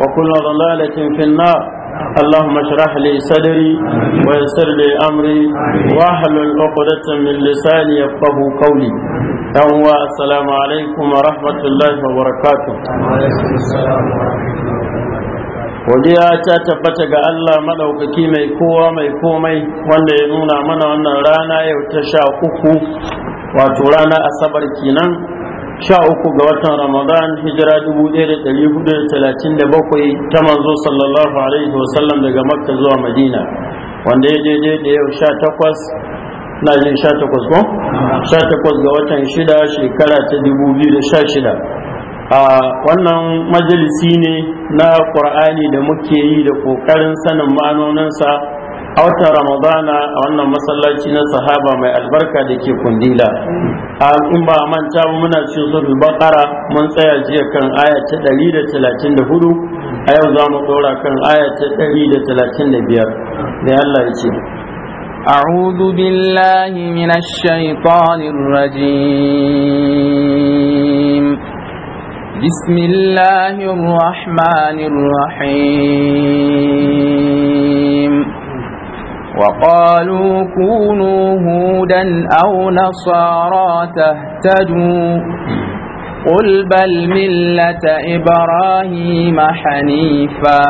وكل ضلالة في النار اللهم اشرح لي صدري ويسر لي امري واحلل عقدة من لساني يفقه قولي يوم السلام عليكم ورحمة الله وبركاته godiya ta tabbata ga Allah maɗaukaki mai kowa mai komai wanda ya nuna mana wannan rana yau ta sha uku wato rana asabar kenan sha uku ga watan ramadan hijira 1437 ta manzo sallallahu alaihi wasallam daga makka zuwa madina wanda ya daidai da yau sha takwas na jin sha takwas ko? sha takwas ga watan shida shekara ta 2016 a wannan majalisi ne na ƙur'ani da muke yi da ƙoƙarin sanin ma'anoninsa a watan ramadana a wannan masallaci na sahaba mai albarka da ke kundila a in ba a manta ba muna cikin suratul baqara mun tsaya jiya kan aya ta 134 a yau za mu dora kan aya ta 135 da Allah ya ce أعوذ بالله من الشيطان الرجيم بسم الله الرحمن الرحيم وقالوا كونوا هودا أو نصارى تهتدوا قل بل ملة إبراهيم حنيفا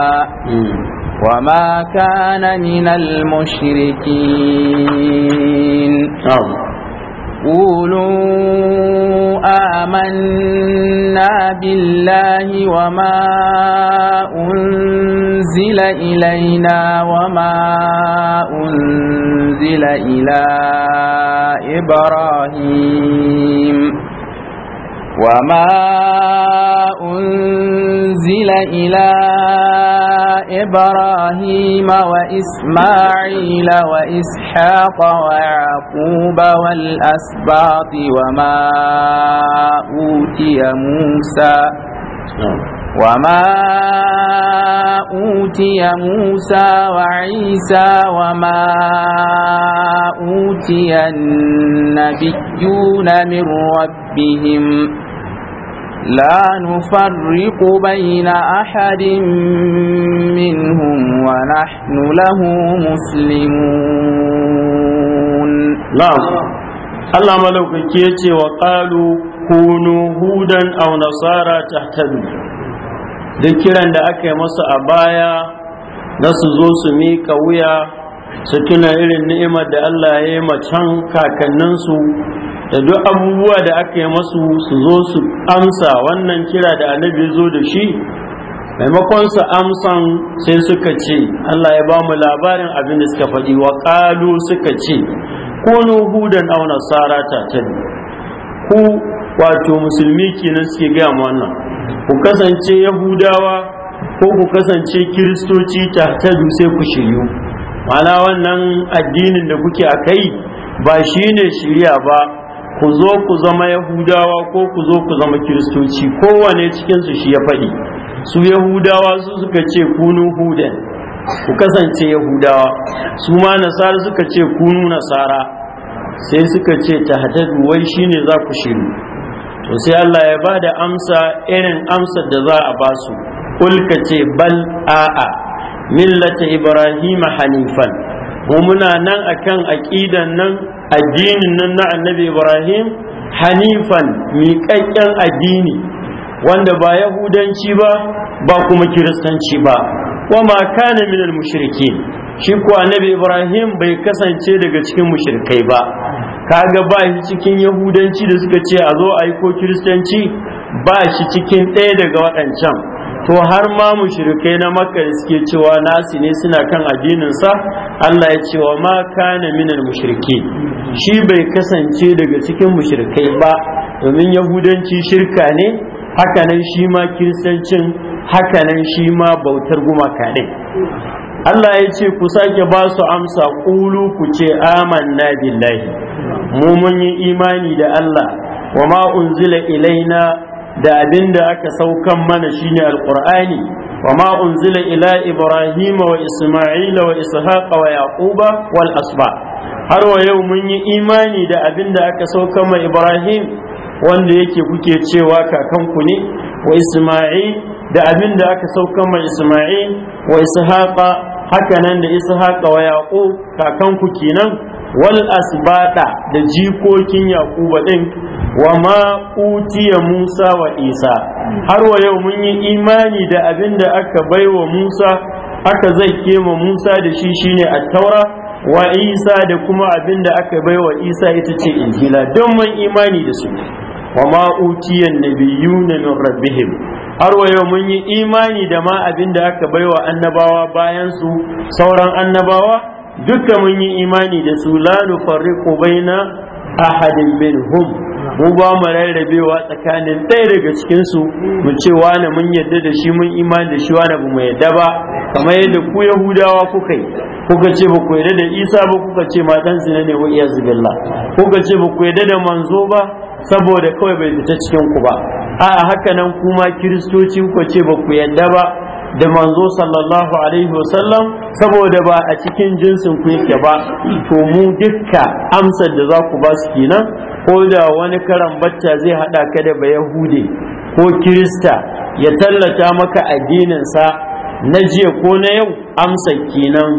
وما كان من المشركين نعم. قولوا آمنا بالله وما أنزل أنزل إلينا وما أنزل إلى إبراهيم وما أنزل إلى إبراهيم وإسماعيل وإسحاق ويعقوب والأسباط وما أوتي موسى نعم. وما أوتي موسى وعيسى وما أوتي النبيون من ربهم لا نفرق بين أحد منهم ونحن له مسلمون نعم الله ملوك كيتي وقالوا كونوا هودا أو نصارى تهتدوا duk kiran da aka yi masu a baya na su zo su miƙa wuya su tuna irin ni'imar da Allah ya yi macan kakanninsu da duk abubuwa da aka yi masu su zo su amsa wannan kira da annabi zo da shi maimakon su amsan sai suka ce Allah ya ba mu labarin abin da suka faɗi wa ƙalu suka ce kunu hudan auna nasara ta ku wato musulmi kenan suke gaya wannan ku kasance yahudawa ko ku kasance kiristoci ta ta sai ku shiryu mana wannan addinin da kuke a kai ba shi ne shirya ba ku zo ku zama yahudawa ko ku zo ku zama kiristoci kowane cikinsu shi ya faɗi su yahudawa su suka ce kunu hudan ku kasance yahudawa su ma nasara suka ce kunu nasara sai suka ce ta wai shine za ku shiru to sai Allah ya ba da amsa irin amsar da za a ba su kulka ce bal a'a millata ibrahima hanifan mu muna nan akan aqidan nan addinin nan na annabi ibrahim hanifan miƙaƙƙen addini wanda ba yahudanci ba ba kuma kiristanci ba wa ma kana minal mushrikin shi ko annabi ibrahim bai kasance daga cikin mushrikai ba kaga ba shi cikin yahudanci da suka ce a zo a yi ko kiristanci ba shi cikin ɗaya daga waɗancan to har ma mushrikai na makka da suke cewa nasi ne suna kan addininsa Allah ya ce wa ma kana minal mushriki shi bai kasance daga cikin mushrikai ba domin yahudanci shirka ne hakanan shi ma kiristancin hakanan shi ma bautar gumaka ne Allah ya ce ku sake ba su amsa ƙulu ku ce amanna billahi mu mun yi imani da Allah wa ma unzila ilaina da abin da aka saukan mana shine alqur'ani wa ma unzila ila ibrahim wa isma'ila wa ishaq wa yaquba wal asba har wa yau mun yi imani da abin da aka saukan ma ibrahim wanda yake kuke cewa kakanku ne wa isma'il da abin da aka saukan ma isma'il wa ishaqa haka nan da ishaqa wa yaqub kakanku kenan wal asbada da jikokin yaquba din wa ma utiya musa wa isa har wa yau mun yi imani da abin da aka baiwa musa aka zai kema musa da shi shine at-taura wa isa da kuma abin da aka baiwa isa ita ce injila don mun imani da su wa ma utiya nabiyuna min rabbihim har wa yau mun yi imani da ma abin da aka baiwa annabawa bayan su sauran annabawa dukka mun yi imani da su la nufarriqu baina ahadin minhum mu ba mu rarrabewa tsakanin ɗaya daga cikinsu mu ce wani mun yadda da shi mun imani da shi wani ba mu yadda ba kamar yadda ku yahudawa kuka yi kuka ce ba ku yadda da isa ba kuka ce ma zina ne wa iya zubilla kuka ce ba ku yadda da manzo ba saboda kawai bai fita cikin ku ba a haka nan kuma kiristoci ku ce ba ku yadda ba da manzo sallallahu alaihi wasallam saboda ba a cikin jinsin ku yake ba to mu dukka amsar da za ku ba su kenan ko da wani karan bacca zai hada ka da bayahude ko kirista ya tallata maka addininsa na jiya ko na yau amsa kenan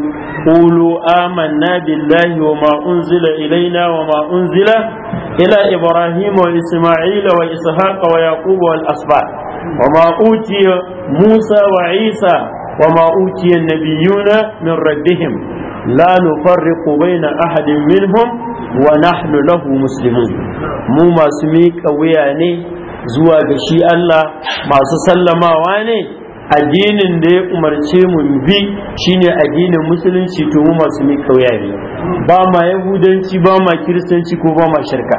qulu amanna billahi wa ma unzila ilaina wa ma unzila ila ibrahim wa isma'ila wa ishaq wa yaqub wal asbat wa ma utiya musa wa isa wa ma utiya nabiyuna min raddihim la nufarriqu baina ahadin minhum wa nahnu lahu muslimun mu masu miƙa wuya ne zuwa ga shi Allah masu sallamawa ne addinin da ya umarce mu bi shine addinin musulunci to mu masu mai kauyaye, ba ma yahudanci ba ma kiristanci ko ba ma shirka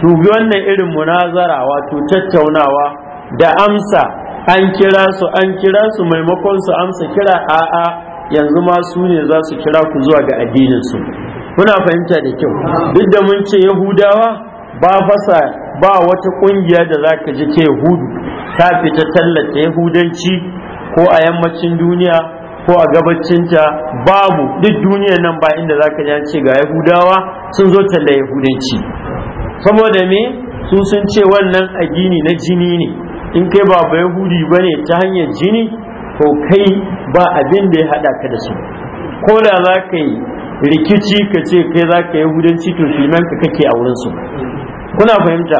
to bi wannan irin munazara wato tattaunawa da amsa an kira su an kira su maimakon su amsa kira a'a yanzu ma su ne za su kira ku zuwa ga addinin su kuna fahimta da kyau duk da mun ce yahudawa ba fasa ba wata ƙungiya da za ka ji ta yahudu ta fita tallata yahudanci ko a yammacin duniya ko a gabacinta babu duk duniya nan ba inda za ka ce ga yahudawa sun zo talla yahudanci saboda me su sun ce wannan addini na jini ne in kai ba ba yahudi ba ne ta hanyar jini ko kai ba abin da ya haɗa ka da su ko da za ka yi rikici ka ce kai za ka yahudanci to fimanka kake a wurinsu kuna fahimta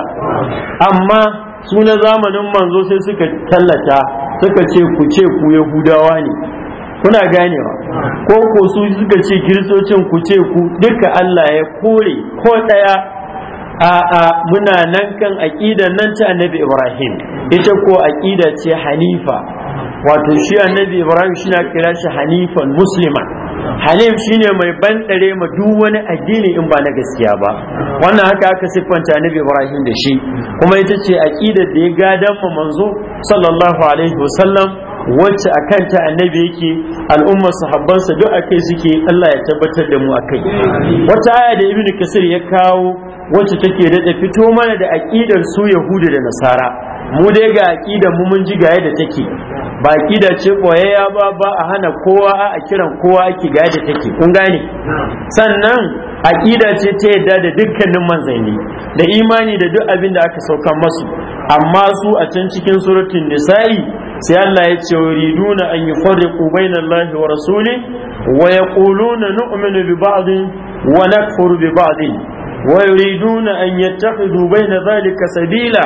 amma su na zamanin manzo sai suka tallata suka ce ku ce ku yahudawa ne kuna ganewa ko ko su suka ce kiristocin ku ce ku duka Allah ya kore ko daya a'a muna nan kan aƙida nan ta annabi ibrahim ita ko aqida ce hanifa wato shi annabi ibrahim shi na kira shi hanifan muslima shi shine mai bandare ma duk wani addini in ba na gaskiya ba wannan haka aka siffanta annabi ibrahim da shi kuma ita ce aqidar da ya gadan fa manzo sallallahu alaihi wasallam wacce a kanta annabi yake al'ummar sahabbansa duk akai suke Allah ya tabbatar da mu akai wata aya da ibnu kasir ya kawo wacce take daɗa fito mana da aƙidar su yahudu da nasara mu dai ga aƙidar mu mun ji ga yadda take ba aƙida ce koyayya ba ba a hana kowa a kiran kowa ake ga yadda take kun gane sannan aƙida ce ta yadda da dukkanin manzanni da imani da duk abin da aka sauka masu amma su a can cikin suratun nisa'i sai Allah ya ce yuriduna an yufarriqu bayna Allah wa rasuli wa yaquluna nu'minu bi ba'din wa nakfuru bi ba'din ويريدون أن يتخذوا بين ذلك سبيلا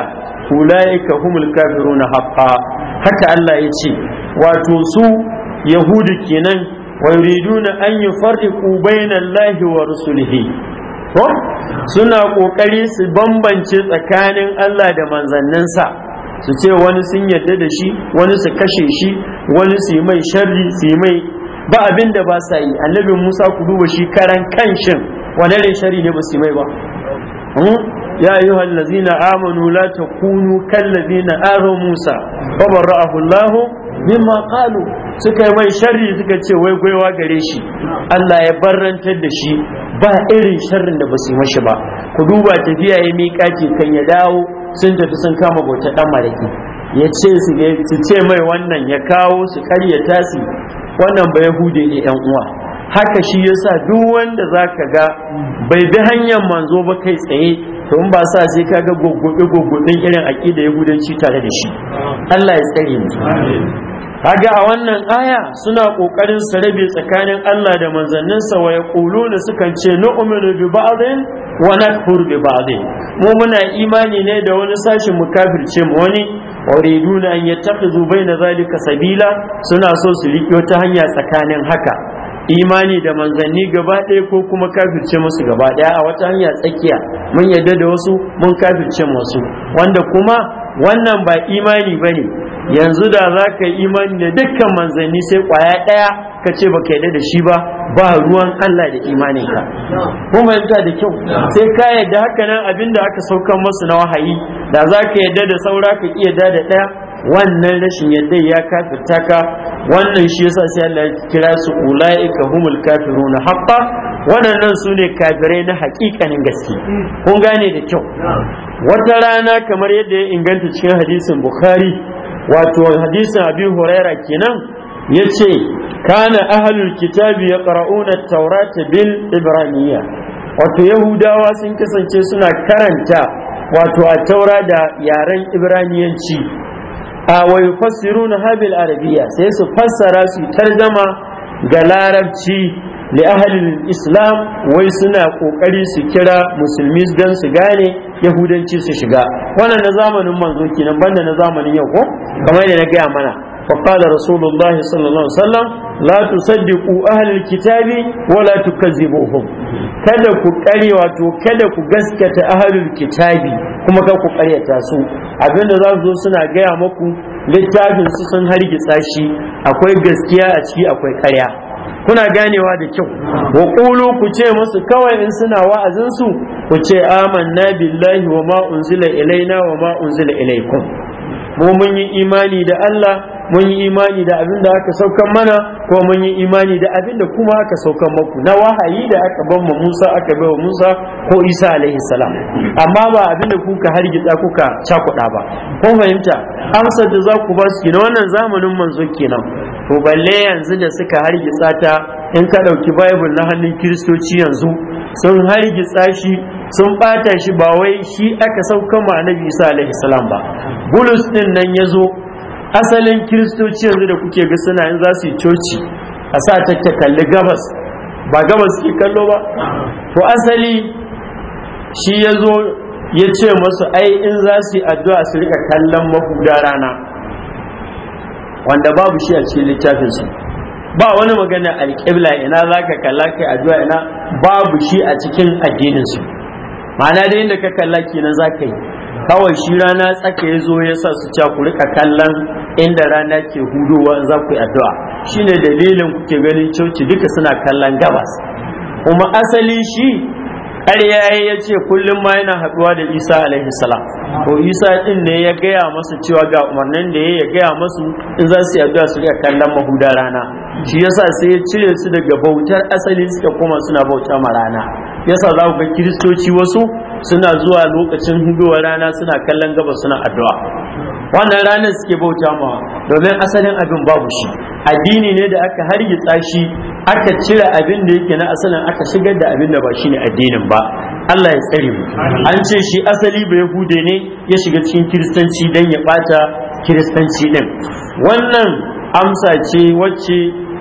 أولئك هم الكافرون حقا حتى الله يتي وتوسو يهود كنان ويريدون أن يفرقوا بين الله ورسله سنة ƙoƙari بمبان bambance كان الله دمان manzanninsa su ce wani sun yadda da shi wani su kashe shi wani su yi mai sharri su yi mai ba abin da ba sa yi annabin musa ku duba shi karan kanshin wani shari ne ba su mai ba hmm? ya yi hallazina amanu la ta kunu na aro musa babar ra'ahullahu min qalu suka yi mai shari suka ce wai gwaiwa gare shi Allah ya barrantar da shi ba irin sharrin da ba su yi mashi ba ku duba tafiya ya miƙaci kan ya dawo sun tafi sun kama bauta ɗan maraki ya ce su ce mai wannan ya kawo su karyata su wannan ba yahude ne yan uwa haka shi yasa duk wanda zaka ga bai bi hanyar manzo ba kai tsaye to ba sa sai kaga goggobe goggobin irin aqida gudanci tare da shi Allah ya tsare mu kaga a wannan aya suna kokarin su rabe tsakanin Allah da manzanninsa wa yaquluna sukan ce nu'minu bi ba'din wa nakfur bi ba'din mu muna imani ne da wani sashin mu kafirce mu wani uriduna an yattakhidhu na zalika sabila suna so su riƙe ta hanya tsakanin haka imani da manzanni gaba ɗaya ko kuma kafirce musu gaba ɗaya a wata hanya tsakiya mun yadda da wasu mun kafirce musu, wanda kuma wannan ba imani ba ne yanzu da za ka yi imani da dukkan manzanni sai kwaya ɗaya ka ce ba ka yadda da shi ba ba ruwan Allah da imaninka kuma yadda da kyau sai ka yadda haka nan abinda aka saukan masu na wahayi da za ka yadda da saura ka iya da ɗaya wannan rashin yadda ya kafi taka wannan shi yasa sai Allah ya kira su ulaika humul kafiruna haqqa waɗannan su ne kafirai na hakikanin gaske kun gane da kyau wata rana kamar yadda ya inganta cikin hadisin bukhari wato hadisin abi huraira kenan yace kana ahlul kitabi ya ƙara'una taurata bil ibraniya wato yahudawa sun kasance suna karanta wato a taura da yaren ibraniyanci wa yufassiruna habil arabiya sai su fassara su tarjama ga larabci li ahli islam wai suna kokari su kira musulmi dan su gane yahudanci su shiga wannan na zamanin manzo kenan banda na zamanin yau ko kamar yadda na gaya mana فقال رسول الله صلى الله عليه وسلم لا تصدقوا أهل الكتاب ولا تكذبوهم kada ku kare wato kada ku gaskata ahlul kitabi kuma kada ku ta su abinda za su zo suna gaya maku littafin su sun hargitsa shi akwai gaskiya a ciki akwai karya kuna ganewa da kyau wa qulu ku ce musu kawai in suna wa'azin su ku ce amanna billahi wa ma unzila ilaina wa ma unzila ilaikum mu mun yi imani da Allah mun yi imani da abin da aka saukan mana ko mun yi imani da abin da kuma aka saukan maku na wahayi da aka ban mu Musa aka bai wa Musa ko Isa alaihi salam amma ba abin da kuka hargitsa kuka cakuɗa ba ko fahimta amsa da za ku ba su kenan wannan zamanin manzo kenan to balle yanzu da suka hargitsa ta in ka ɗauki Bible na hannun Kiristoci yanzu sun hargitsa shi sun bata shi ba wai shi aka saukan ma annabi Isa alaihi salam ba bulus din nan ya zo asalin kiristoci yanzu da kuke ga suna in za su yi coci a sa take kalli gabas ba gabas ke kallo ba to asali shi ya zo ya ce masu ai in za su yi addu'a su rika kallon mahuda rana wanda babu shi a cikin littafinsu ba wani magana alƙibla ina za ka kalla kai addu'a ina babu shi a cikin addininsu ma'ana da inda ka kalla kenan za ka yi kawai shi rana tsaka ya zo ya sa su cewa ku rika kallon inda rana ke hudowa za ku yi addu'a shine dalilin ku ke ganin coci duka suna kallon gabas kuma asali shi ƙarya ya ce kullum ma yana haɗuwa da isa alaihi salam ko isa ɗin ne ya gaya masu cewa ga umarnin da ya gaya masu in za su yi addu'a su rika kallon mahuda rana shi yasa sai ya cire su daga bautar asali suka koma suna bauta ma rana yasa za ku ga kiristoci wasu suna zuwa lokacin hudowar rana suna kallon gaba suna addu'a wannan ranar suke bauta ma domin asalin abin babu shi addini ne da aka hargitsa shi aka cire abin da yake na asalin aka shigar da abin da ba shi ne addinin ba Allah ya tsare mu an ce shi asali ba yahude ne ya shiga cikin kiristanci dan ya bata kiristanci din wannan amsa ce wacce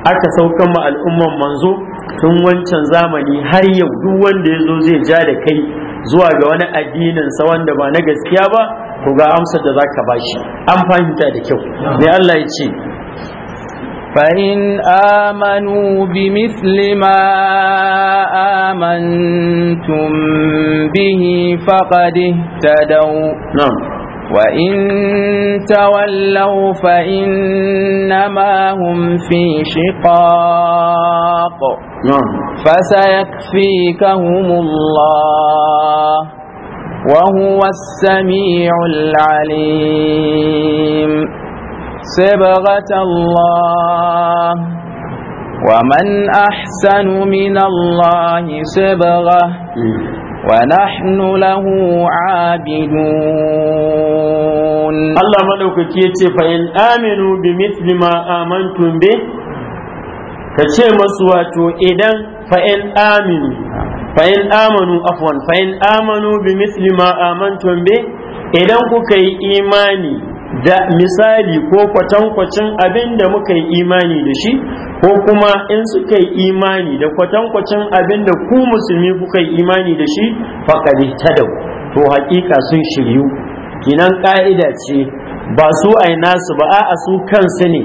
aka saukan ma al'umman manzo tun wancan zamani har yau duk wanda ya zo zai ja da kai zuwa ga wani addinin sa wanda ba na gaskiya ba ku ga amsar da zaka bashi an fahimta da kyau ne Allah ya ce فإن آمنوا بمثل ما آمنتم به فقد اهتدوا نعم وإن تولوا فإنما هم في شقاق نعم. فسيكفيكهم الله وهو السميع العليم صبغة الله ومن أحسن من الله صبغة ونحن له عابدون الله ملوكك يتي فإن آمنوا بمثل ما آمنتم به kace masu wato idan fa'in aminu fa'in amanu afwan fa'in amanu bi misli ma amantum idan kuka yi imani da misali ko kwatankwacin abin da muka yi imani da shi ko kuma in suka yi imani da kwatankwacin abin da ku musulmi kuka yi imani da shi faƙari ta da to hakika sun shiryu kinan ƙa'ida ce ba su ai nasu ba a su kansu ne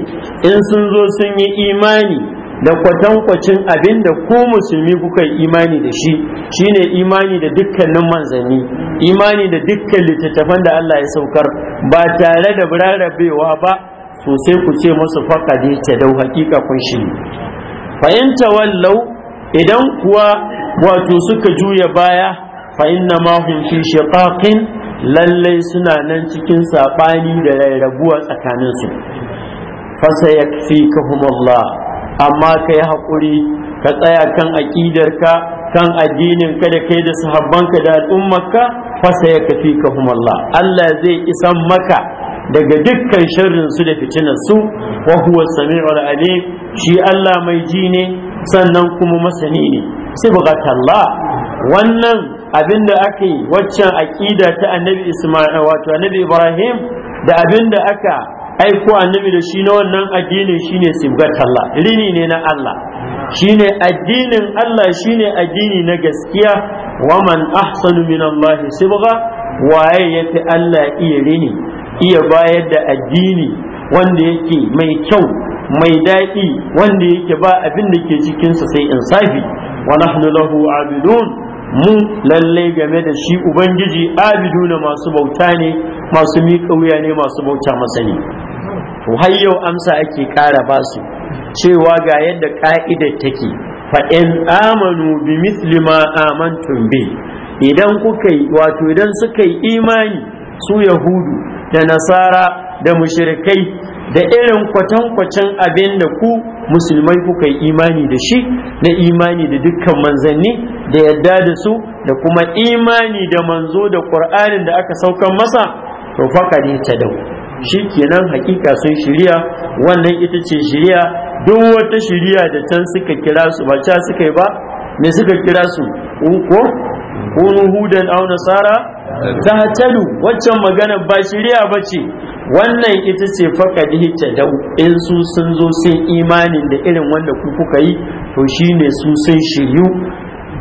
in sun zo sun yi imani da kwatankwacin abin da ku musulmi kuka yi imani da shi shine imani da dukkanin manzanni imani da dukkan littattafan da Allah ya saukar ba tare da rarrabewa ba sosai ku ce musu faqad ta dau hakika kun shi fa wallau, idan kuwa wato suka juya baya fa inna ma fi shiqaqin lallai suna nan cikin saɓani da rarrabuwa tsakaninsu fa sayakfikahum Allah amma ka yi haƙuri ka tsaya kan aƙidarka kan addinin ka da kai da sahabbanka da al'ummarka fasa ya kafi ka Allah Allah zai isan maka daga dukkan sharrin su da fitinan su wa huwa sami'ul alim shi Allah mai ji ne sannan kuma masani ne sibghatallah wannan abinda aka yi waccan aƙida ta annabi Isma'il wato annabi Ibrahim da abinda aka aiko annabi da shi na wannan addinin shine sibgat Allah rini ne na Allah shine addinin Allah shine addini na gaskiya wa man ahsanu min Allah sibga waye yafi Allah iya rini iya bayar da addini wanda yake mai kyau mai daɗi wanda yake ba abin da ke cikinsa sai insafi wa nahnu lahu abidun mu lallai game da shi ubangiji abiduna masu bauta ne masu miƙa wuya ne masu bauta masani. har yau amsa ake ƙara ba su cewa ga yadda ƙa'ida take fa in amanu bi misli ma amantum bi idan kuka yi wato idan suka yi imani su yahudu da nasara da mushrikai da irin kwatankwacin abin da ku musulmai kuka yi imani da shi na imani da dukkan manzanni da yadda da su da kuma imani da manzo da ƙur'anin da aka saukan masa to faƙari ta dau shikenan hakika sun shirya wannan ita ce shirya duk wata shirya da can suka kira su ba ca suka yi ba me suka kira su ko kunu hudan aw nasara ta hatalu waccan magana ba shirya ba ce wannan ita ce faka ta dau in su sun zo sai imanin da irin wanda ku kuka yi to shine su sun shiryu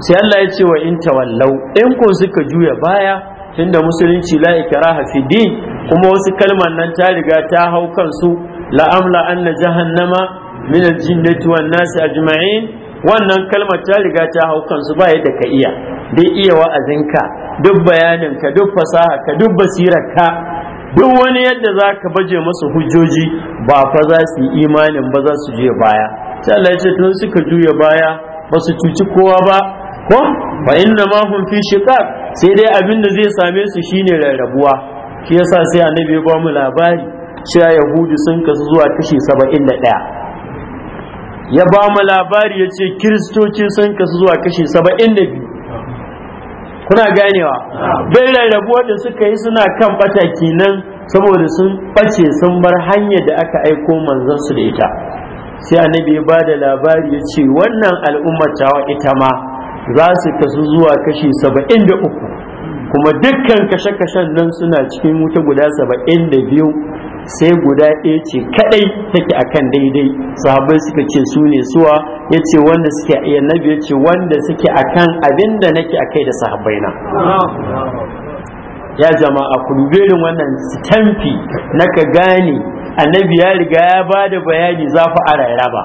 sai Allah ya ce wa in tawallau in ko suka juya baya tunda musulunci la ikraha fi din kuma wasu kalmar nan ta riga ta hau kansu la amla anna jahannama min jinnati wan nasi ajma'in wannan kalmar ta riga ta hau kansu ba yadda ka iya dai iya wa'azinka duk bayanin, ka duk fasaha, ka duk basirarka duk wani yadda za ka baje masu hujjoji ba fa za su yi imanin ba za su je baya sai Allah ya ce tun suka juya baya ba su cuci kowa ba ko fa inna ma hum fi shiqaq sai dai abin da zai same su shine rarrabuwa shi yasa sai annabi ya ba mu labari cewa yahudu sun kasu zuwa kashi saba'in da ɗaya ya ba mu labari ya ce kiristoci sun kasu zuwa kashi saba'in da biyu kuna ganewa bai rarrabuwar da suka yi suna kan bata nan saboda sun bace sun bar hanyar da aka aiko manzansu da ita sai annabi ya ba da labari ya ce wannan al'ummar tawa ita ma za su kasu zuwa kashi saba'in da uku kuma dukkan kashe-kashen nan suna cikin wuta guda saba'in da biyu sai guda ɗaya ce kaɗai take akan daidai sahabai suka ce su ne suwa ya ce wanda suke a annabi ya ce wanda suke akan abin da nake kai da sahabai na ya jama'a ku wannan stamfi na ka gane annabi ya riga ya ba da bayani za fa a rayuwa ba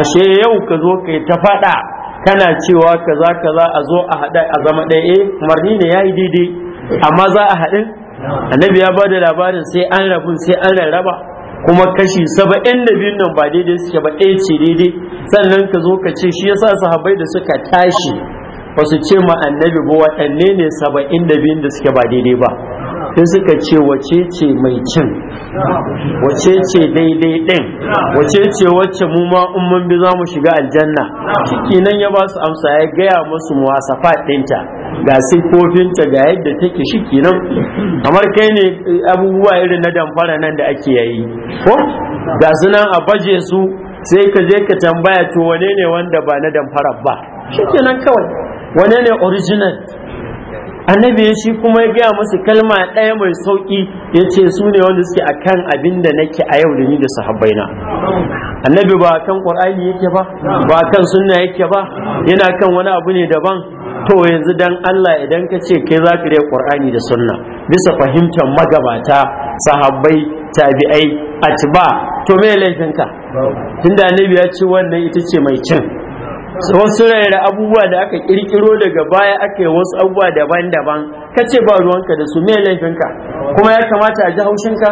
ashe yau ka zo kai ta faɗa kana cewa kaza kaza a zo a hada a zama ɗaya eh umarni ne yayi daidai amma za a hadin annabi ya ba da labarin sai an rabun sai an rarraba kuma kashi saba'in da biyun nan ba daidai suke ba ɗaya ce daidai sannan ka zo ka ce shi yasa sahabbai da suka tashi ba su ce ma annabi ba waɗanne ne saba'in da biyun da suke ba daidai ba sai suka ce wace ce mai cin wace ce daidai ɗin wace ce wacce mu ma umman bi za mu shiga aljanna ciki ya ba su amsa ya gaya musu muwasafa ɗinta ga siffofinta ga yadda take shiki nan kamar kai ne eh, abubuwa irin na damfara nan da ake yayi ko ga su nan a baje su sai ka je ka tambaya to wane ne wanda ba na damfara ba shikenan kawai wane ne original annabi shi kuma ya gaya musu kalma ɗaya mai sauƙi ya ce su ne wanda suke a kan abin da nake a yau da ni da sahabbaina annabi ba kan ƙwar'ani yake ba ba kan sunna yake ba yana kan wani abu ne daban to yanzu dan Allah idan ka ce kai za ka rai ƙwar'ani da sunna bisa fahimtar magabata sahabbai tabi'ai atiba, to me laifinka tunda annabi ya ce wannan ita ce mai cin wasu rayar abubuwa da aka kirkiro daga baya aka yi wasu abubuwa daban-daban ka ce ba ruwanka da su mai laifinka kuma ya kamata a ji haushinka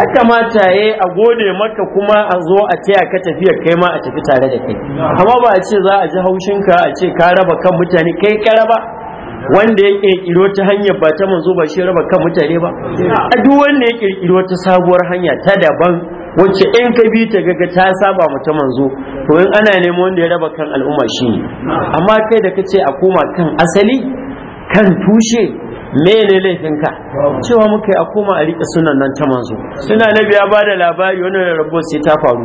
ya kamata ya yi a gode maka kuma a zo a taya ka tafiya kai ma a tafi tare da kai amma ba a ce za a ji haushinka a ce ka raba kan mutane kai ka raba wanda ya kirkiro ta hanyar ba ta manzo ba shi raba kan mutane ba a duk wanda ya kirkiro ta sabuwar hanya ta daban wacce in ka bi ta gaga ta saba mu ta manzo to in ana neman wanda ya raba kan al'umma shi amma kai da kace a koma kan asali kan tushe mene laifinka cewa muka yi a koma a riƙe sunan nan ta manzo suna na biya ba da labari wani rabo sai ta faru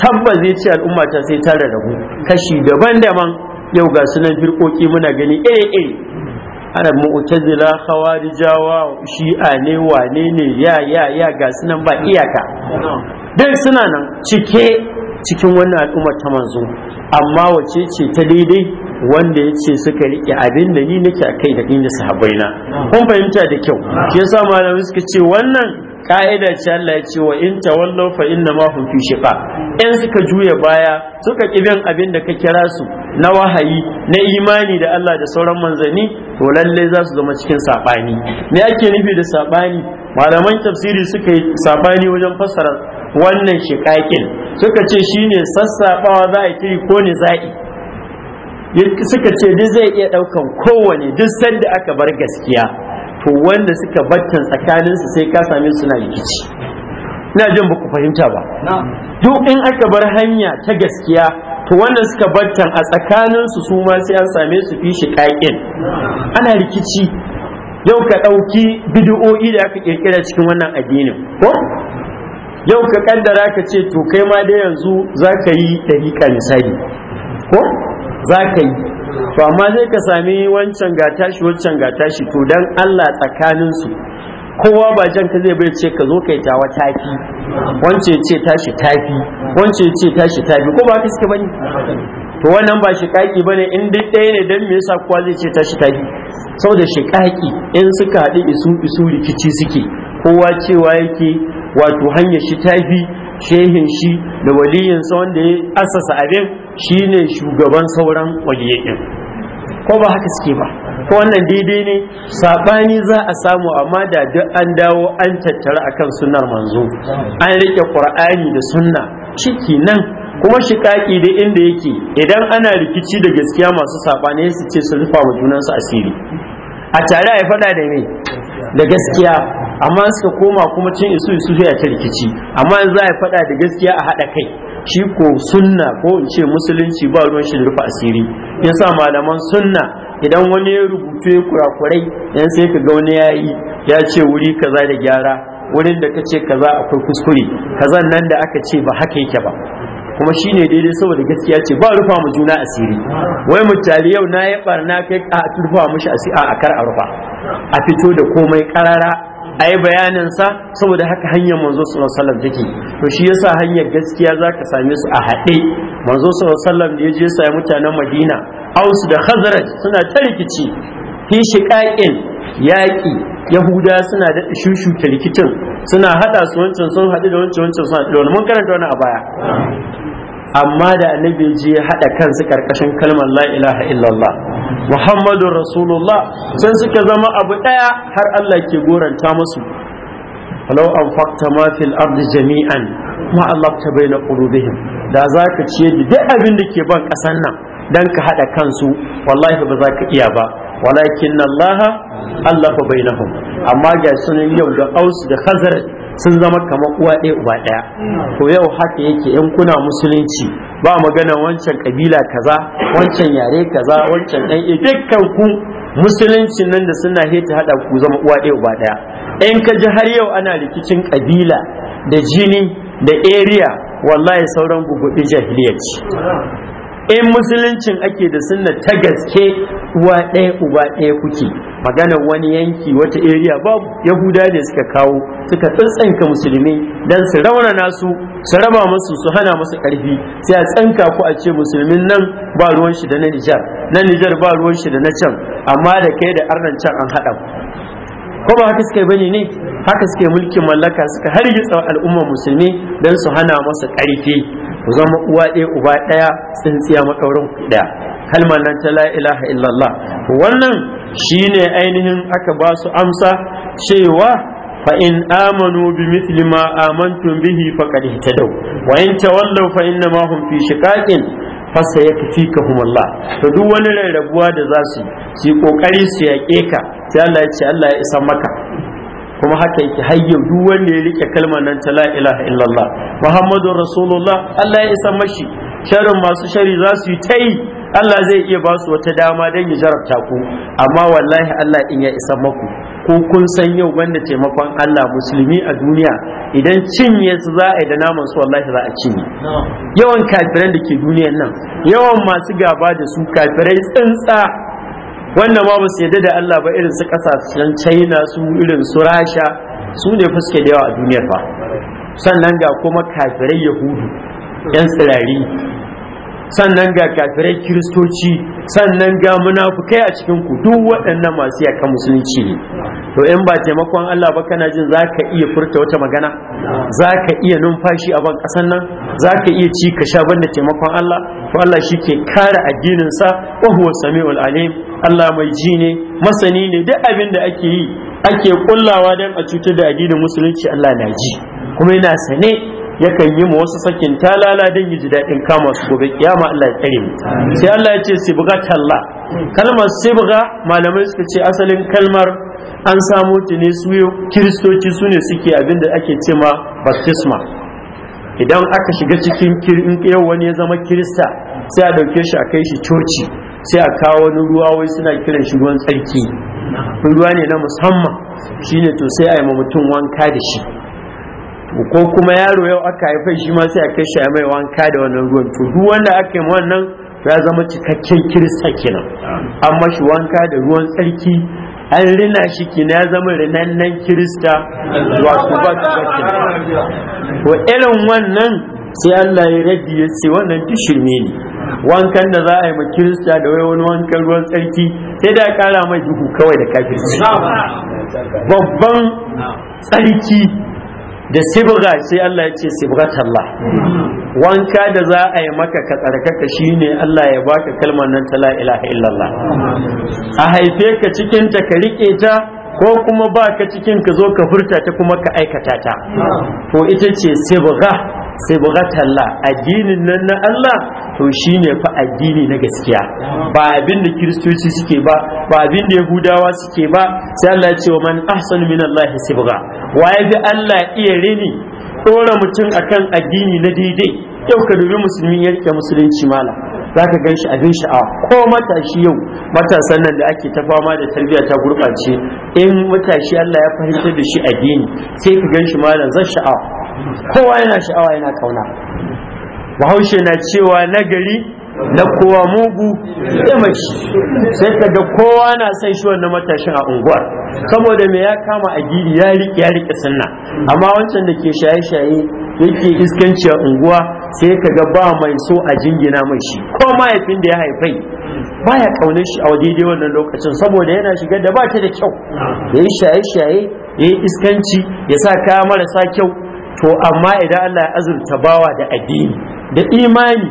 tabbas zai ce al'umma ta sai ta rarrabu kashi daban-daban yau ga sunan firkoki muna gani eh eh. ana mu'tazila khawarijawa shi'a ne wane ne ya ya ya ga sunan ba iyaka dan suna nan cike cikin wannan al'ummar ta manzo amma wace ce ta daidai wanda ya ce suka riƙe abin da ni nake a kai da ni da na. kun fahimta da kyau ke sa malamai suka ce wannan ka'ida ce Allah ya ce wa in tawallaw fa inna ma hum fi shiqa in suka juya baya suka bin abin da ka kira su na wahayi na imani da Allah da sauran manzanni to lalle za su zama cikin sabani me ake nufi da sabani malaman tafsiri suka yi sabani wajen fassara wannan shikakin suka ce shine sassaɓawa za a yi ko ne za'i suka ce duk zai iya daukan kowane duk sanda aka bar gaskiya to wanda suka battan tsakaninsu sai ka same su na rikici ina jin ba ku fahimta ba duk in aka bar hanya ta gaskiya to wanda suka battan a tsakanin su ma sai an same su fi shi ana rikici yau ka ɗauki bidi'o'i da aka ƙirƙira cikin wannan addinin ko yau ka kaddara ka ce to kai ma da yanzu za ka yi ɗariƙa misali ko za ka yi to amma zai ka sami wancan ga tashi wancan ga tashi to dan Allah tsakaninsu kowa ba jan ka zai bai ce ka zo kai tawa tafi wance ce tashi tafi wance ce tashi tafi ko ba ka suke bane to wannan ba shi kaki bane in dai ɗaya ne dan me yasa kowa zai ce tashi tafi saboda shi kaki in suka haɗu isu isu rikici suke kowa cewa yake wato hanyar shi tafi shehin shi da waliyin sa wanda ya asasa abin shine shugaban sauran waliyin ko ba haka suke ba ko wannan daidai ne saɓani za a samu amma da duk an dawo an tattara akan sunnar manzo an rike ƙur'ani da sunna ciki nan kuma shi kaki da inda yake idan ana rikici da gaskiya masu sabani su ce su rufa wa junansu asiri a tare a faɗa da me da gaskiya amma suka koma kuma cin isu isu sai a ta rikici amma za a faɗa da gaskiya a haɗa kai shi ko sunna ko in ce musulunci ba ruwan shi rufe asiri yasa malaman sunna idan wani ya rubutu ya kurakurai yan sai ka ga wani ya yi ya ce wuri kaza da gyara wurin da ka ce kaza akwai kuskure zan nan da aka ce ba haka yake ba kuma shi ne daidai saboda gaskiya ce ba rufa mu juna asiri wai mu tari yau na ya barna kai a rufa mushi asiri a kar a rufa a fito da komai karara a yi bayaninsa saboda haka hanyar manzo sallallahu take to shi yasa hanyar gaskiya za ka same su a haɗe manzo sallallahu da ya je sai mutanen madina aus da khazraj suna ta rikici fi shiqaqin yaƙi yahuda suna da shushuta rikicin suna haɗa su wancan sun haɗu da wancan wancan suna da wani mun karanta wani a baya amma da annabi ya haɗa kansu ƙarƙashin kalmar la ilaha illallah muhammadun rasulullah sun suka zama abu ɗaya har allah ke goranta musu falau an fakta ma fil ardi jami'an ma allah ta baina qulubihim da zaka ciye da duk abin da ke ban ƙasan nan dan ka haɗa kansu wallahi ba za ka iya ba walakin allah allafa bainahum amma ga sunan yau da aus da khazraj sun zama kamar uwa ɗaya uba ɗaya to yau haka yake in kuna musulunci ba magana wancan kabila kaza wancan yare kaza wancan ɗan dukkan ku musulunci nan da suna heta haɗa ku zama uwa ɗaya uba ɗaya in ka ji har yau ana rikicin kabila da jini da area wallahi sauran gugubi jahiliya ce in musuluncin ake da sunna ta gaske uwa ɗaya uba ɗaya kuke magana wani yanki wata area babu yahuda ne suka kawo suka tsantsanka musulmi dan su raunana su su raba musu su hana musu ƙarfi sai a tsanka ku a ce musulmin nan ba ruwan shi da na nijar na nijar ba ruwan shi da na can amma da kai da arnan can an haɗa ko ba haka suka yi bane ne haka suka yi mulkin mallaka suka tsawon al'ummar musulmi don su hana masa ƙarfi zama uwa ɗaya uba ɗaya tsintsiya makaurin ɗaya kalma nan ta la ilaha illallah wannan shine ainihin aka ba su amsa cewa fa in amanu bi mithli ma amantum bihi faqad ihtadaw wa in tawallaw fa inna ma hum fi fi fa sayakfikuhum Allah to duk wani rarrabuwa da zasu yi su kokari su yake ka ta Allah ya ce Allah ya isa maka kuma haka yake hayyau duk wanda ya rike kalmar nan ta la ilaha illallah muhammadur rasulullah Allah ya isa mashi sharin masu shari za su yi ta Allah zai iya ba su wata dama don ya jarabta ku amma wallahi Allah in ya isa maku ko kun san yau wanda taimakon Allah musulmi a duniya idan cinye su za a yi da naman su wallahi za a cinye yawan kafiran da ke duniyar nan yawan masu gaba da su kafirai tsintsa wannan ma ba su yadda da Allah ba irin su kasashen China su irin su Rasha su ne fuske da yawa a duniya fa sannan ga kuma kafirai Yahudu yan tsirari sannan ga kafirai kiristoci sannan ga munafukai a cikin ku duk waɗannan masu yaka musulunci ne to in ba taimakon Allah ba kana jin za ka iya furta wata magana za ka iya numfashi a ban ƙasan nan za ka iya ci ka sha banda taimakon Allah to Allah shi ke kare addininsa wa huwa sami'ul alim Allah mai ji ne masani ne duk abin da ake yi ake kullawa dan a cutar da addinin musulunci Allah na ji kuma yana sane yakan yi ma wasu sakin talala don yi ji daɗin kama su gobe kiyama Allah ya tsare mu sai Allah ya ce talla kalmar buga malamai suka ce asalin kalmar an samu ta ne su kiristoci su ne suke abin da ake ce ma baptisma idan aka shiga cikin yau wani ya zama kirista sai a ɗauke shi a kai shi coci sai a kawo wani ruwa wai suna kiran shi ruwan tsarki ruwa ne na musamman shine to sai a yi mutum wanka da shi ko kuma yaro yau aka haifar shi ma sai a kai shi mai wanka da wannan ruwan to duk wanda aka yi wannan ya zama cikakken kirista kenan an mashi wanka da ruwan tsarki an rina shi kina ya zama rinannen kirista wato ba ba kenan Ko irin wannan sai Allah ya radi ya ce wannan duk ne wankan da za a yi ma kirista da wai wani wankan ruwan tsarki sai da kara mai duhu kawai da kafirci babban tsarki da sibga sai Allah ya ce sibgatallah wanka da za a yi maka ka tsarkaka shine Allah ya baka kalmar nan ta la ilaha illallah a haife ka cikin ta ka rike ta ko kuma ba ka cikin ka zo ka furta ta kuma ka aikata ta to ita ce sibga sai talla addinin nan na Allah to shi ne fa addini na gaskiya ba abin da kiristoci suke ba ba abin da yahudawa suke ba sai Allah ya ce wa man ahsanu min Allah sibga wa ya bi Allah iya rini dora mutum akan addini na daidai yau ka dubi musulmi ya musulunci mala za ka gan shi abin sha'awa ko matashi yau matasan nan da ake ta fama da tarbiyya ta gurɓace in matashi Allah ya fahimtar da shi addini sai ka ganshi shi zan sha'awa kowa yana sha'awa yana kauna bahaushe na cewa nagari na kowa mugu ya mace sai kaga kowa na son shi wannan matashin a unguwar saboda me ya kama a gidi ya riƙe ya riƙe sunna amma wancan da ke shaye-shaye yake iskanci a unguwa sai ka ga ba mai so a jingina mai shi ko mahaifin da ya haifai baya kaunar shi a daidai wannan lokacin saboda yana shiga da ba ta da kyau ya yi shaye-shaye ya yi iskanci ya sa kaya marasa kyau to amma idan Allah ya azurta bawa da addini da imani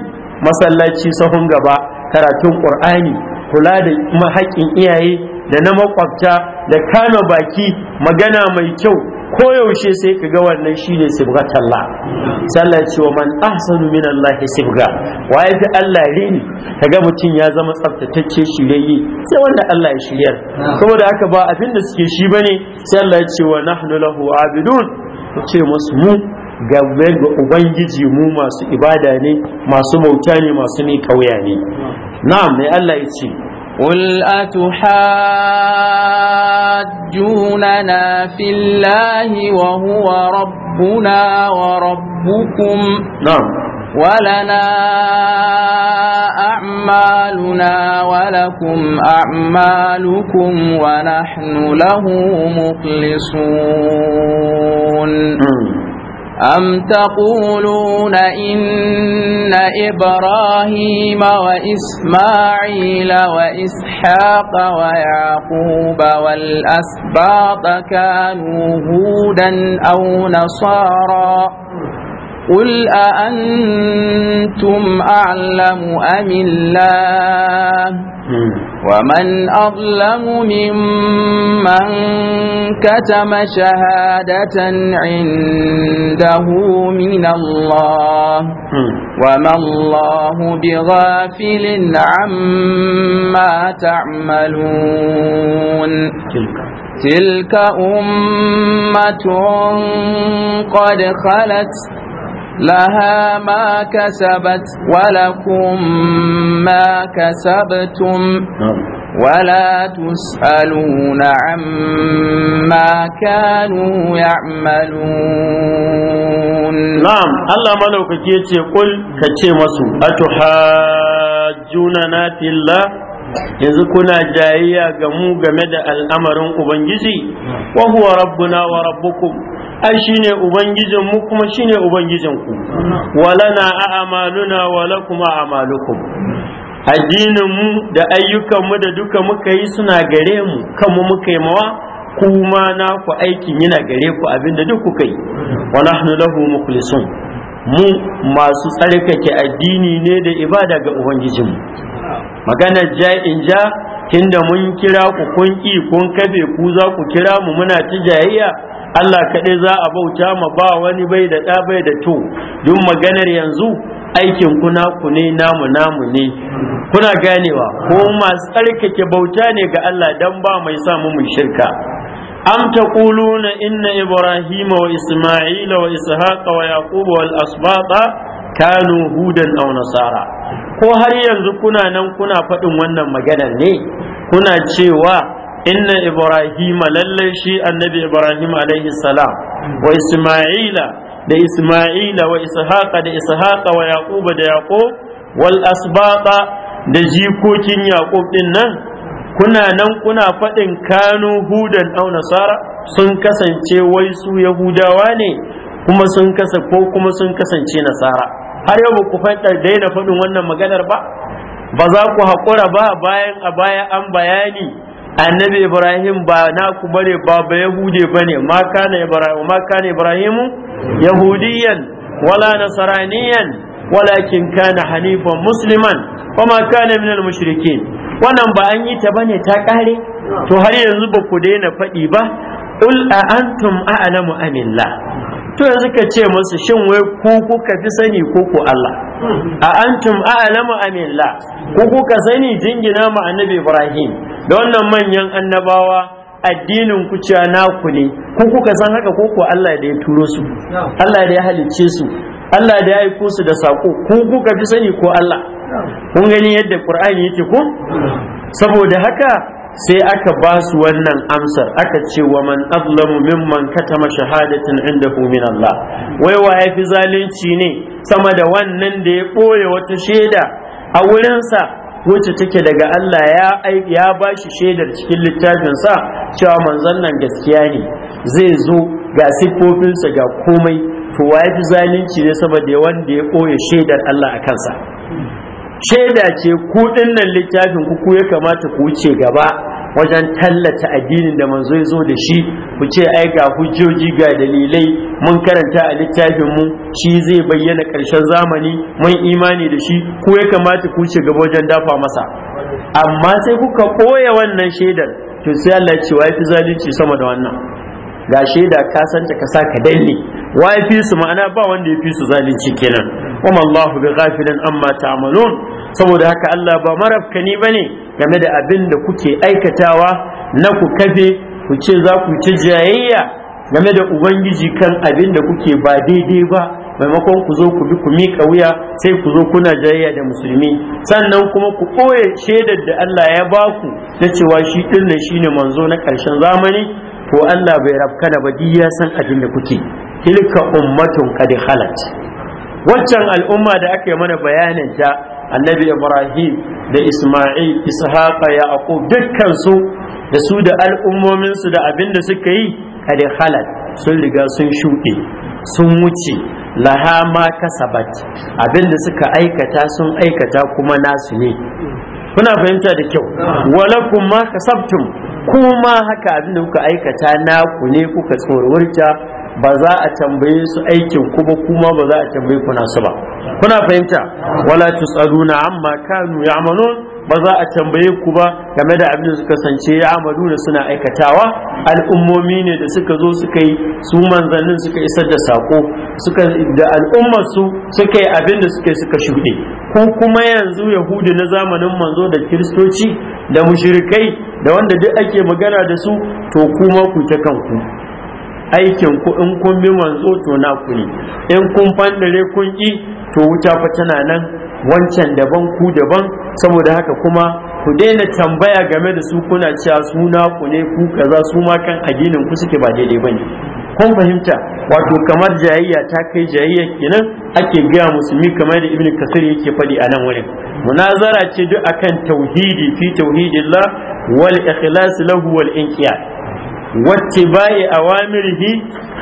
masallaci sahun gaba karatun qur'ani kula da mahaƙin iyaye da na makwabta da kama baki magana mai kyau koyaushe sai ka ga wannan shine sibghatalla sallah ce wa man ahsanu min Allah sibga wa ya fi Allah rini ga mutum ya zama tsaftatacce shiryayye sai wanda Allah ya shiryar saboda haka ba abin da suke shi bane sai ce wa nahnu lahu abidun ku ce masu mu ga ubangiji mu masu ibada ne masu bauta ne masu ne kauya ne na'am mai Allah ya ce قل أتحاجوننا في الله وهو ربنا وربكم نعم ولنا أعمالنا ولكم أعمالكم ونحن له مخلصون أم تقولون إن إبراهيم وإسماعيل وإسحاق ويعقوب والأسباط كانوا هودا أو نصارا قل أأنتم أعلم أم الله ومن أظلم ممن كتم شهادة عنده من الله وما الله بغافل عما تعملون تلك أمة قد خلت لها ما كسبت ولكم ما كسبتم ولا تسألون عما كانوا يعملون نعم الله ملوك كيتي قل كتي مسو أتحاجون نات الله yanzu kuna jayayya ga mu game da al'amarin ubangiji wa huwa rabbuna wa rabbukum ai shine ubangijin Ubangijinmu kuma shine ubangijin ku walana a'maluna wa kuma a'malukum addinin mu da ayyukanmu da duka muka yi suna gare mu kanmu muka yi mawa kuma na ku aikin yana gare ku abinda duk kuka yi wa lahu mukhlisun mu masu tsarkake addini ne da ibada ga ubangijinmu. Maganar magana ja'in ja tunda mun kira ku kun ƙi kun kabe ku za ku kira mu muna jayayya Allah kaɗai za a bauta ma ba wani bai da ɗa bai da to duk maganar yanzu aikin kuna ku ne namu namu ne kuna ganewa ko masu tsarkake bauta ne ga Allah dan ba mai sa mu shirka am na inna ibrahim wa Isma'il wa ishaq wa yaquba wal asbata kanu hudan aw nasara ko har yanzu kuna nan kuna faɗin wannan maganar ne kuna cewa inna ibrahim lallai shi annabi ibrahim alaihi salam wa isma'ila da isma'ila wa ishaqa da ishaqa wa yaquba da yaqub wal da jikokin yaqub din nan kuna nan kuna faɗin kanu hudan au nasara sun kasance wai su yahudawa ne kuma sun kasa ko kuma sun kasance nasara har yau ba ku faɗa daina faɗin wannan maganar ba ba za ku haƙura ba bayan a baya an bayani annabi ibrahim ba naku ku ba ba yahude bane ma kana ibrahim ma kana ibrahim yahudiyan wala nasraniyan walakin kana hanifan musliman kuma kana minal mushrikin wannan ba an yi ta bane ta kare to har yanzu ba ku daina faɗi ba qul a antum a'lamu amillah to yanzu ka ce musu shin wai ku kuka fi sani ko ku Allah a antum a'lamu amillah ku kuka sani jingina ma annabi Ibrahim da wannan manyan annabawa addinin ku naku ne ku kuka san haka ko ko Allah da ya turo su Allah da ya halicce su Allah da ya aiko su da sako ku kuka fi sani ko Allah kun gani yadda Qur'ani yake ko saboda haka sai aka ba su wannan amsar aka ce wa man azlamu mimman katama shahadatin indahu min Allah wai wa yafi zalunci ne sama da wannan da ya ɓoye wata shaida a wurinsa wacce take daga Allah ya ya bashi shaidar cikin littafin sa cewa manzon nan gaskiya ne zai zo ga siffofinsa ga komai to waye fi zalunci ne saboda wanda ya koya shaidar Allah a kansa shaida ce ku nan littafin ku ku ya kamata ku wuce gaba wajen tallata addinin da manzo zo da shi ku ce ai ga hujjoji ga dalilai mun karanta a littafin mu shi zai bayyana karshen zamani mun imani da shi ko ya kamata ku ci gaba wajen dafa masa amma sai kuka koya wannan shaidar to sai Allah ce wa fi zalunci sama da wannan ga shaida ka santa ka saka danne wa fi su ma'ana ba wanda ya fi su zalunci kenan kuma Allahu bi ghafilan amma ta'malun saboda haka Allah ba marafka marafkani bane game da abin da kuke aikatawa na ku kafe ku ce za ku ci jayayya game da ubangiji kan abin da kuke ba daidai ba maimakon ku zo ku bi ku miƙa wuya sai ku zo kuna jayayya da musulmi sannan kuma ku ɓoye shaidar da Allah ya ba ku na cewa shi ɗin shine manzo na ƙarshen zamani ko Allah bai rafkana ba duk ya san abin da kuke tilka ummatun qad halat. waccan al'umma da ake mana bayanin ta annabi ibrahim da isma'il ishaqa yaqub dukkan su da su da al'ummomin su da abin da suka yi kad khalat sun riga sun shuɗe sun wuce laha ma kasabat abin da suka aikata sun aikata kuma nasu ne kuna fahimta da kyau walakum ma kasabtum kuma haka abin da kuka aikata naku ne kuka tsorwarta ba za a tambaye su aikin ku ba kuma ba za a tambaye ku nasu ba kuna fahimta wala tusaluna amma kanu ya'malun ba za a tambaye ku ba game da abin da suka sance ya amadu da suna aikatawa al'ummomi ne da suka zo suka yi su manzannin suka isar da sako suka da al'ummar su suka yi abin da suka suka shuɗe ko kuma yanzu yahudi na zamanin manzo da kiristoci da mushrikai da wanda duk ake magana da su to kuma ku ta kanku aikin ku in kun bi manzo to na ku ne in kun fandare kun ki to wuta fa tana nan wancan daban ku daban saboda haka kuma ku daina tambaya game da su kuna cewa suna ku ne ku kaza su ma kan addinin ku suke ba daidai bane kun fahimta wato kamar jayayya ta kai jayayya kenan ake gaya musulmi kamar da ibnu kasir yake faɗi a nan wurin munazara ce duk akan tauhidi fi tauhidillah wal ikhlas lahu wal inqiyad wattiba'i awamirihi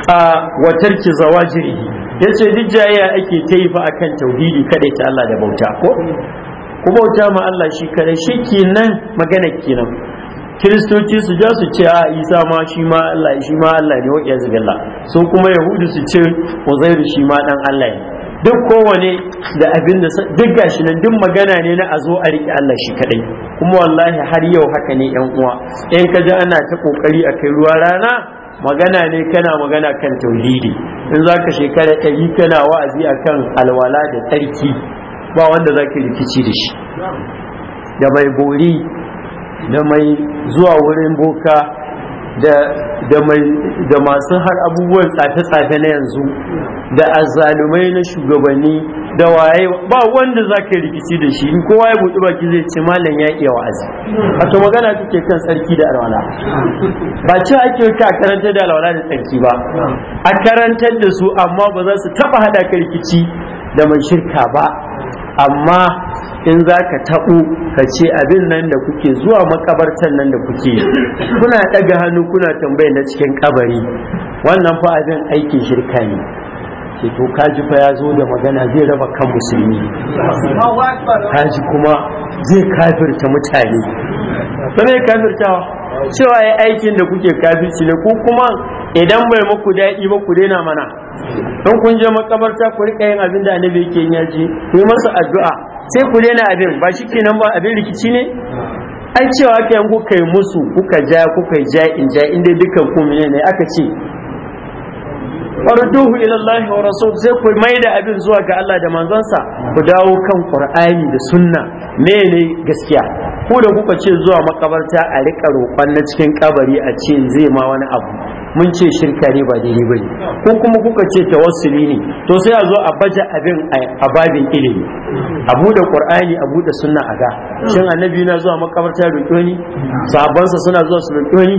a watarki zawajirihi yace duk jayayya ake ta yi fa akan tauhidi kada ta Allah da bauta ko ku bauta ma Allah shi shi kenan magana kenan kiristoci su ja su ce a isa ma shi ma Allah shi ma Allah ne wa iyazu billah su kuma yahudu su ce uzairu shi ma dan Allah ne duk kowane da abin da duk gashi nan duk magana ne na a zo a riƙe Allah shi kaɗai, kuma wallahi har yau haka ne yan uwa in ka ji ana ta kokari a kai ruwa rana magana ne kana magana kan tauhidi in za ka shekara ɗari kana wa'azi akan alwala da tsarki ba wanda za ka rikici da shi da mai bori da mai zuwa wurin boka da masu har abubuwan tsafe-tsafe na yanzu da azalumai na shugabanni da waye ba wanda za ka rikici da shi kowa ya buɗe baki zai ce malam ya iya wa'azi to magana take kan tsarki da alwala ba ce ake ka karantar da alwala da tsarki ba a karantar da su amma ba za su taba hada ka rikici da mai shirka ba amma in za ka taɓo ka ce abin nan da kuke zuwa makabartan nan da kuke kuna ɗaga hannu kuna tambaya na cikin kabari wannan fa abin aikin shirka ne ke to kaji fa ya zo da magana zai raba kan musulmi kaji kuma zai kafirta mutane ba kafirta cewa ya aikin da kuke kafirci ne ko kuma idan bai muku daɗi ba ku daina mana in kun je makabarta ku rika yin abin da annabi yake yin yaji ku yi masa addu'a sai ku daina abin ba shi kenan ba abin rikici ne ai cewa aka yanku kai musu kuka ja kuka ja in ja inda dukkan ku ne aka ce farduhu ila Allah wa rasul sai ku mai da abin zuwa ga Allah da manzonsa ku dawo kan Qur'ani da sunna mene gaskiya ku da kuka ce zuwa makabarta a rika roƙon na cikin kabari a ce zai ma wani abu mun ce shirka ne ba daidai bane ko kuma kuka ce tawassuli ne to sai a zo a baje abin a babin ilimi a bude qur'ani a bude sunna a ga shin annabi na zuwa makabarta roƙo ni sahabbansa suna zuwa su roƙo ni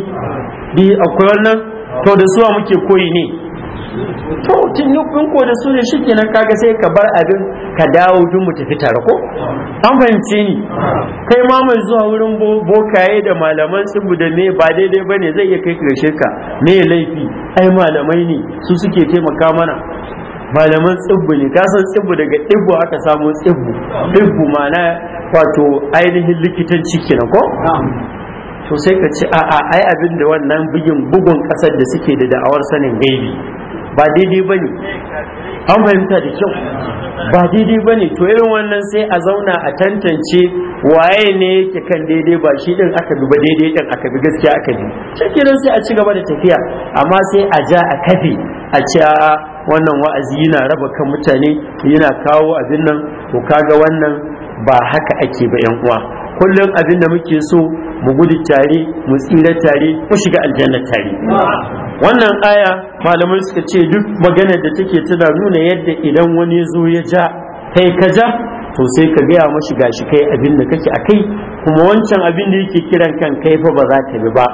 di akwai wannan to da suwa muke koyi ne to tunubin ko da su ne shi kenan kaga sai ka bar abin ka dawo duk mu tafi tare ko an fahimce ni kai ma mai zuwa wurin bokaye da malaman tsibu da me ba daidai bane zai iya kai karshe ka me laifi ai malamai ne su suke taimaka mana malaman tsibbu ne kasan tsibbu daga ɗibbu aka samu tsibbu ɗibbu mana wato ainihin likitanci kenan ko to sai ka ce a'a ai abin da wannan bugun bugun ƙasar da suke da da'awar sanin gaibi ba daidai ba ne an fahimta da kyau ba daidai ba ne to irin wannan sai a zauna a tantance waye ne yake kan daidai ba shi din aka bi daidai din aka bi gaskiya aka bi shekinan sai a ci gaba da tafiya amma sai a ja a kafe a ce wannan wa'azi yana raba kan mutane yana kawo abin nan to kaga wannan ba haka ake ba yan uwa kullum abin da muke so mu gudu tare mu tsira tare mu shiga aljanna tare wannan aya malamai suka ce duk maganar da take tana nuna yadda idan wani zo ya ja kai ka ja to sai ka gaya mashi shi kai abin da kake akai kuma wancan abin da yake kiran kan kai fa ba za ka bi ba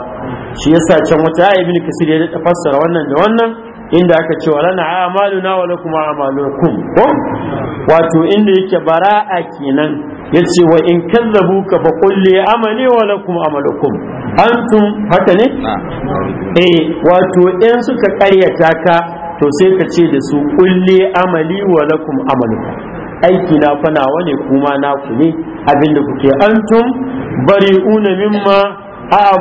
shi yasa can wata aya ibn kasir ya da fassara wannan da wannan inda aka ce wa lana a'maluna wa lakum a'malukum ko wato inda yake bara'a kenan yace wa in kazzabuka fa qul amali wa lakum amalukum antum haka ne ah. eh wato in suka karyata ka to sai ka ce da su qul amali wa lakum amalukum aiki na fa nawa ne kuma na ku ne abinda kuke antum bari'una mimma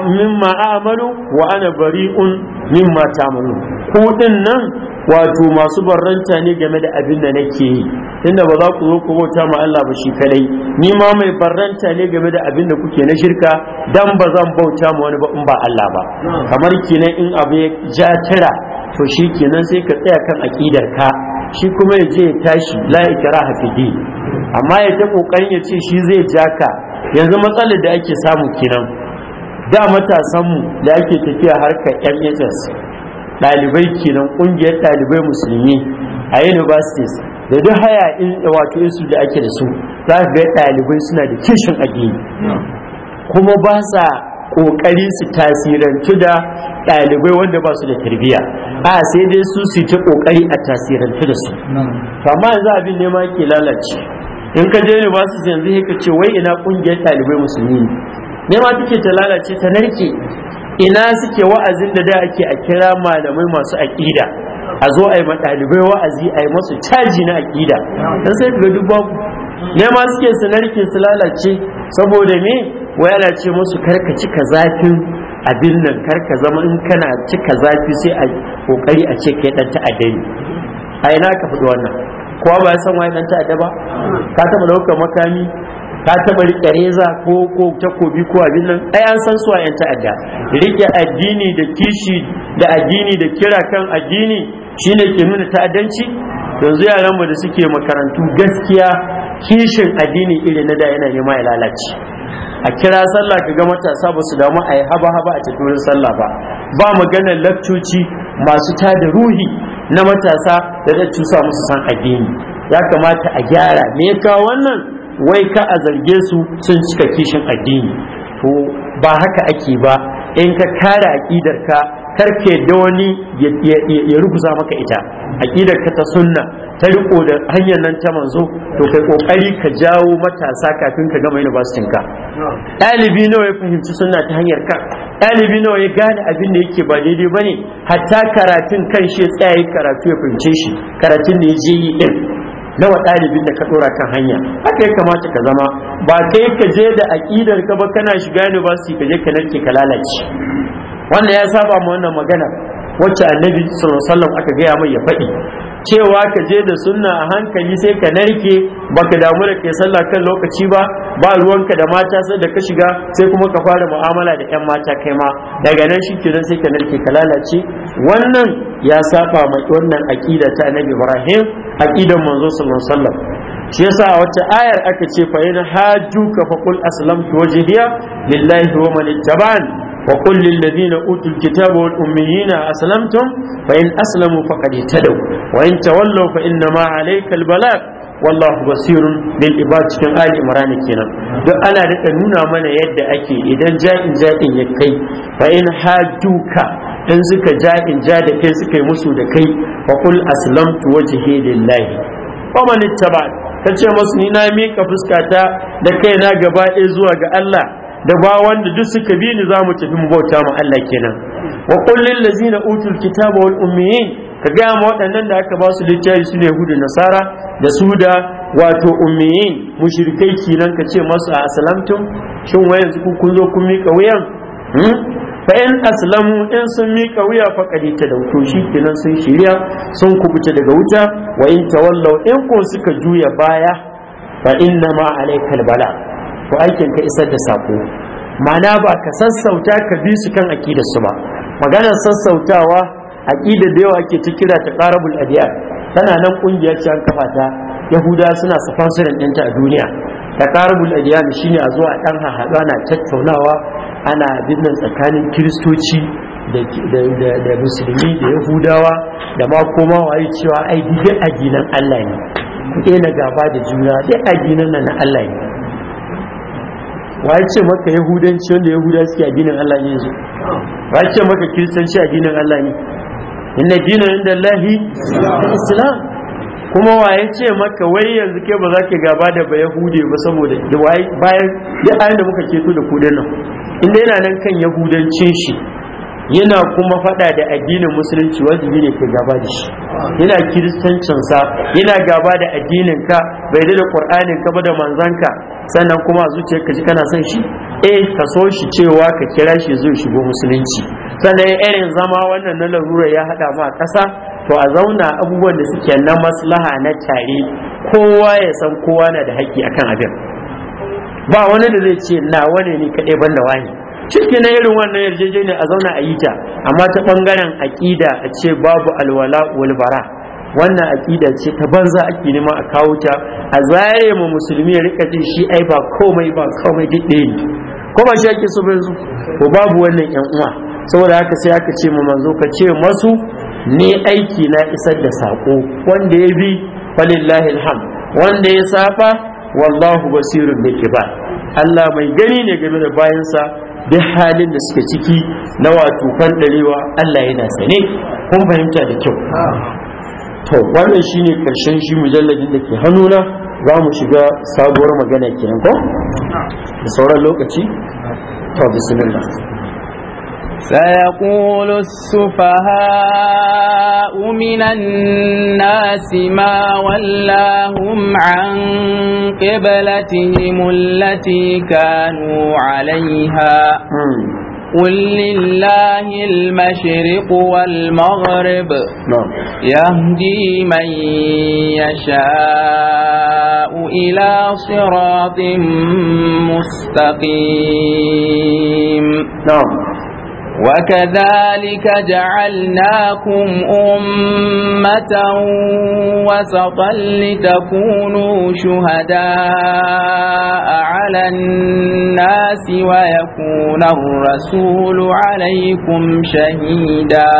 mimma a'malu wa ana bari'un mimma ta'malu ku din nan wato masu barranta ne game da abin da nake yi tunda ba za ku zo ku bauta ma Allah ba shi kadai ni ma mai barranta ne game da abin da kuke na shirka dan ba zan bauta ma wani ba in ba Allah ba kamar kenan in abu ya ja tira to shi kenan sai ka tsaya kan aqidar ka shi kuma ya je ya tashi la ikraha fi din amma ya ta kokarin ya ce shi zai ja ka yanzu matsalar da ake samu kenan da matasanmu da ake tafiya harkar nhs ɗalibai kenan ƙungiyar ɗalibai musulmi a universities da duk haya in wato isu da ake da su za ka ga ɗalibai suna da kishin addini kuma ba sa ƙoƙari su tasirantu da ɗalibai wanda ba su da tarbiyya a sai dai su su ta ƙoƙari a tasirantu da su amma yanzu abin nema ke lalace in ka je su yanzu ka ce wai ina ƙungiyar ɗalibai musulmi ne nema take ta lalace ta narke ina suke wa'azin da da ake a kira malamai masu aƙida a zo a yi ɗalibai wa'azi a yi masu caji na aƙida dan sai ga duk babu nema suke su narke su lalace saboda me waya ana ce musu karka ka zafin abin nan karka zama in kana cika zafi sai a kokari a ce kai dan ta'adda a ina ka faɗi wannan kowa ba ya san wai dan ta'adda ba ka taɓa ɗaukar makami ka taba rike reza ko ko takobi ko abin nan ai an san su yan ta'adda rike addini da kishi da addini da kira kan addini shine ke nuna ta'addanci yanzu yaran mu da suke makarantu gaskiya kishin addini irin na da yana nema ya lalace a kira sallah ga matasa ba su damu a yi haba haba a cikin wurin sallah ba ba maganar lakcoci masu da ruhi na matasa da da cusa musu san addini ya kamata a gyara me ya wannan wai ka a zarge su sun cika kishin addini to ba haka ake ba in ka kare aƙidar ka karke da wani ya ruguza maka ita aƙidar ka ta sunna ta riko da hanyar nan ta manzo to kai kokari ka jawo matasa kafin ka gama university ka ɗalibi nawa ya fahimci sunna ta hanyar ka ɗalibi nawa ya gane abin da yake ba daidai bane hatta karatun kan shi tsaye karatu ya fahimce shi karatun da ya je yi din nawa ɗalibin da ka ɗora kan hanya haka ya kamata ka zama ba kai ka je da aƙidar ka ba kana shiga university ka je ka narke ka lalace wannan ya saba ma wannan magana wacce annabi sallallahu alaihi wasallam aka gaya mai ya faɗi cewa ka je da sunna a hankali sai ka narke baka damu da ke sallah kan lokaci ba ba ruwanka da mata sai da ka shiga sai kuma ka fara mu'amala da yan mata kai ma daga nan shi kenan sai ka narke ka lalace wannan ya saba mai wannan aqida ta Annabi Ibrahim aqidan manzo sallallahu alaihi wasallam shi yasa a wata ayar aka ce fa hajju ka fa qul aslamtu wajhiya lillahi wa man وقل للذين أوتوا الكتاب والأميين أسلمتم فإن أسلموا فقد اهتدوا وإن تولوا فإنما عليك البلاغ wallahu basirun bil ibad cikin ali imran kenan don ana da nuna mana yadda ake idan ja'in ja'in ya kai fa in haduka dan suka ja'in ja da kai suka yi musu da kai fa qul aslamtu wajhi lillahi wa man ittaba kace musu ni na mika fuskata da kaina gaba ɗaya zuwa ga Allah da ba wanda duk suka bi ni mu tafi mu bauta ma Allah kenan wa qul lil ladzina utul kitaba wal ummiyin ka ga ma waɗannan da aka ba su littafi su ne hudu nasara da su da wato ummiyin mushrikai kenan ka ce masu a aslamtum shin wai yanzu ku kun zo kun mika wuyan hmm? fa in aslamu in sun mika wuya fa kadita da to kenan sun shirya sun kubuta daga wuta wa in tawallaw in ko suka juya baya fa inna ma alaikal bala Ku aikin ka isar da sako ma'ana ba ka sassauta ka bi su kan aƙidar su ba maganar sassautawa aƙida da yawa ake ta kira ta qarabul adiyar tana nan ƙungiyar ce an kafa ta yahuda suna su ɗinta a duniya ta qarabul adiyar shine a zo a ɗan hahaɗu na tattaunawa ana binnan tsakanin kiristoci da musulmi da yahudawa da ma koma waye cewa ai duk ajinan Allah ne ku na gaba da juna duk ajinan nan Allah ne wa ya ce maka yahudanci wanda yahuda suke dinin Allah ne yanzu wa ya ce maka kiristanci dinin Allah ne inna dina inda Allahi islam kuma wa ya ce maka wai yanzu ke ba za ki gaba da ba yahude ba saboda bayan duk ayin da muka ceto da kudin nan inda yana nan kan yahudancin shi yana kuma fada da addinin musulunci wajibi ne ka gaba da shi yana kiristancin sa yana gaba da addinin ka bai da qur'anin ka ba da manzon ka sannan kuma zuciyar ka ji kana son shi eh ka so shi cewa ka kira shi zo shigo musulunci sannan irin zama wannan na larura ya hada ma kasa to a zauna abubuwan da suke na maslaha na tare kowa ya san kowa na da haƙƙi akan abin ba wani da zai ce na wane ne kaɗai ban da wani ciki na irin wannan yarjejeniya a zauna a yi ta amma ta bangaren aƙida a ce babu alwala wal bara wannan aƙida ce ta banza ake nema a kawo ta a zare mu musulmi ya rika jin shi ai ba komai ba komai duk ɗaya ne ko ba shi ake so ba yanzu ko babu wannan yan uwa saboda haka sai aka ce mu manzo ka ce masu ne aiki na isar da sako wanda ya bi falillahi alham wanda ya safa wallahu basirun bil ibad Allah mai gani ne game da bayansa duk halin da suke ciki na wato fandarewa Allah yana sane kun fahimta da kyau to wannan shine karshen shi mujalladin da ke hannuna za mu shiga sabuwar magana kenan ko da sauran lokaci to bismillah سيقول السفهاء من الناس ما ولاهم عن قبلتهم التي كانوا عليها قل لله المشرق والمغرب نعم. يهدي من يشاء إلى صراط مستقيم نعم وكذلك جعلناكم أمة وسطا لتكونوا شهداء على الناس ويكون الرسول عليكم شهيدا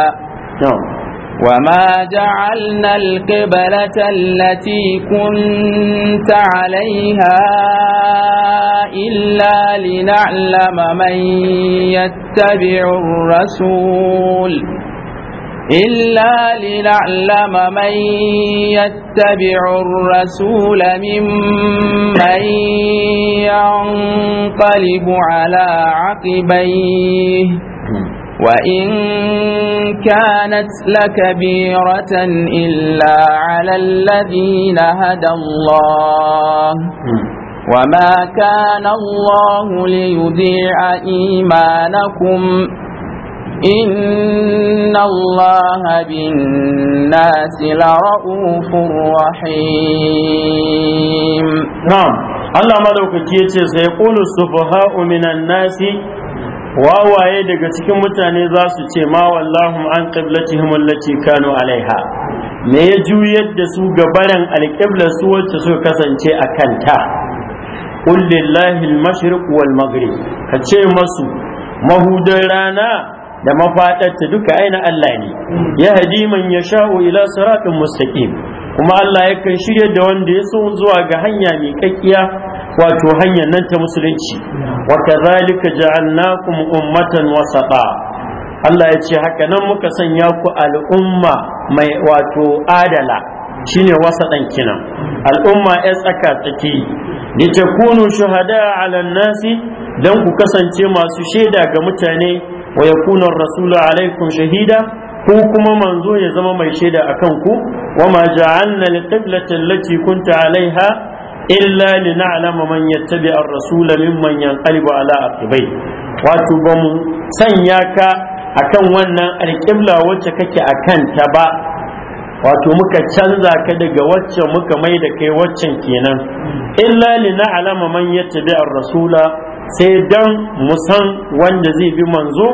نعم. وما جعلنا القبلة التي كنت عليها إلا لنعلم من يتبع الرسول إلا لنعلم من يتبع الرسول ممن ينقلب على عقبيه وإن كانت لكبيرة إلا على الذين هدى الله وما كان الله ليضيع إيمانكم إن الله بالناس لرؤوف رحيم نعم الله ملوك كيتي سيقول السفهاء من الناس wawaye daga cikin mutane za su ce ma wallahum an qiblatihim allati kanu alaiha me ya juyar da su ga barin alqiblar su wacce suka kasance a kanta qul lillahi al-mashriq wal maghrib ka ce masu mahudan rana da mafadarta duka aina Allah ne ya hadi man yasha'u ila siratin mustaqim kuma Allah yakan shirya da wanda ya so zuwa ga hanya mai kakkiya wato hanyar nan ta musulunci wa kadhalika ja'alnakum ummatan wasata Allah ya ce haka nan muka sanya ku al'umma mai wato adala shine wasaɗan kinan al'umma ya tsaka tsaki ya ce kunu shuhada ala nasi dan ku kasance masu shaida ga mutane wa yakuna rasulu alaikum shahida ko kuma manzo ya zama mai shaida a ku? wa ma ja'alna li qiblati allati kunta alaiha illa li na'lama man yattabi ar-rasula mimman yanqalibu ala aqibai wato ba mu sanya ka akan wannan alƙibla wacce kake akan ta ba wato muka canza ka daga wacce muka mai da kai waccan kenan illa li na'lama man yattabi ar-rasula sai dan mu san wanda zai bi manzo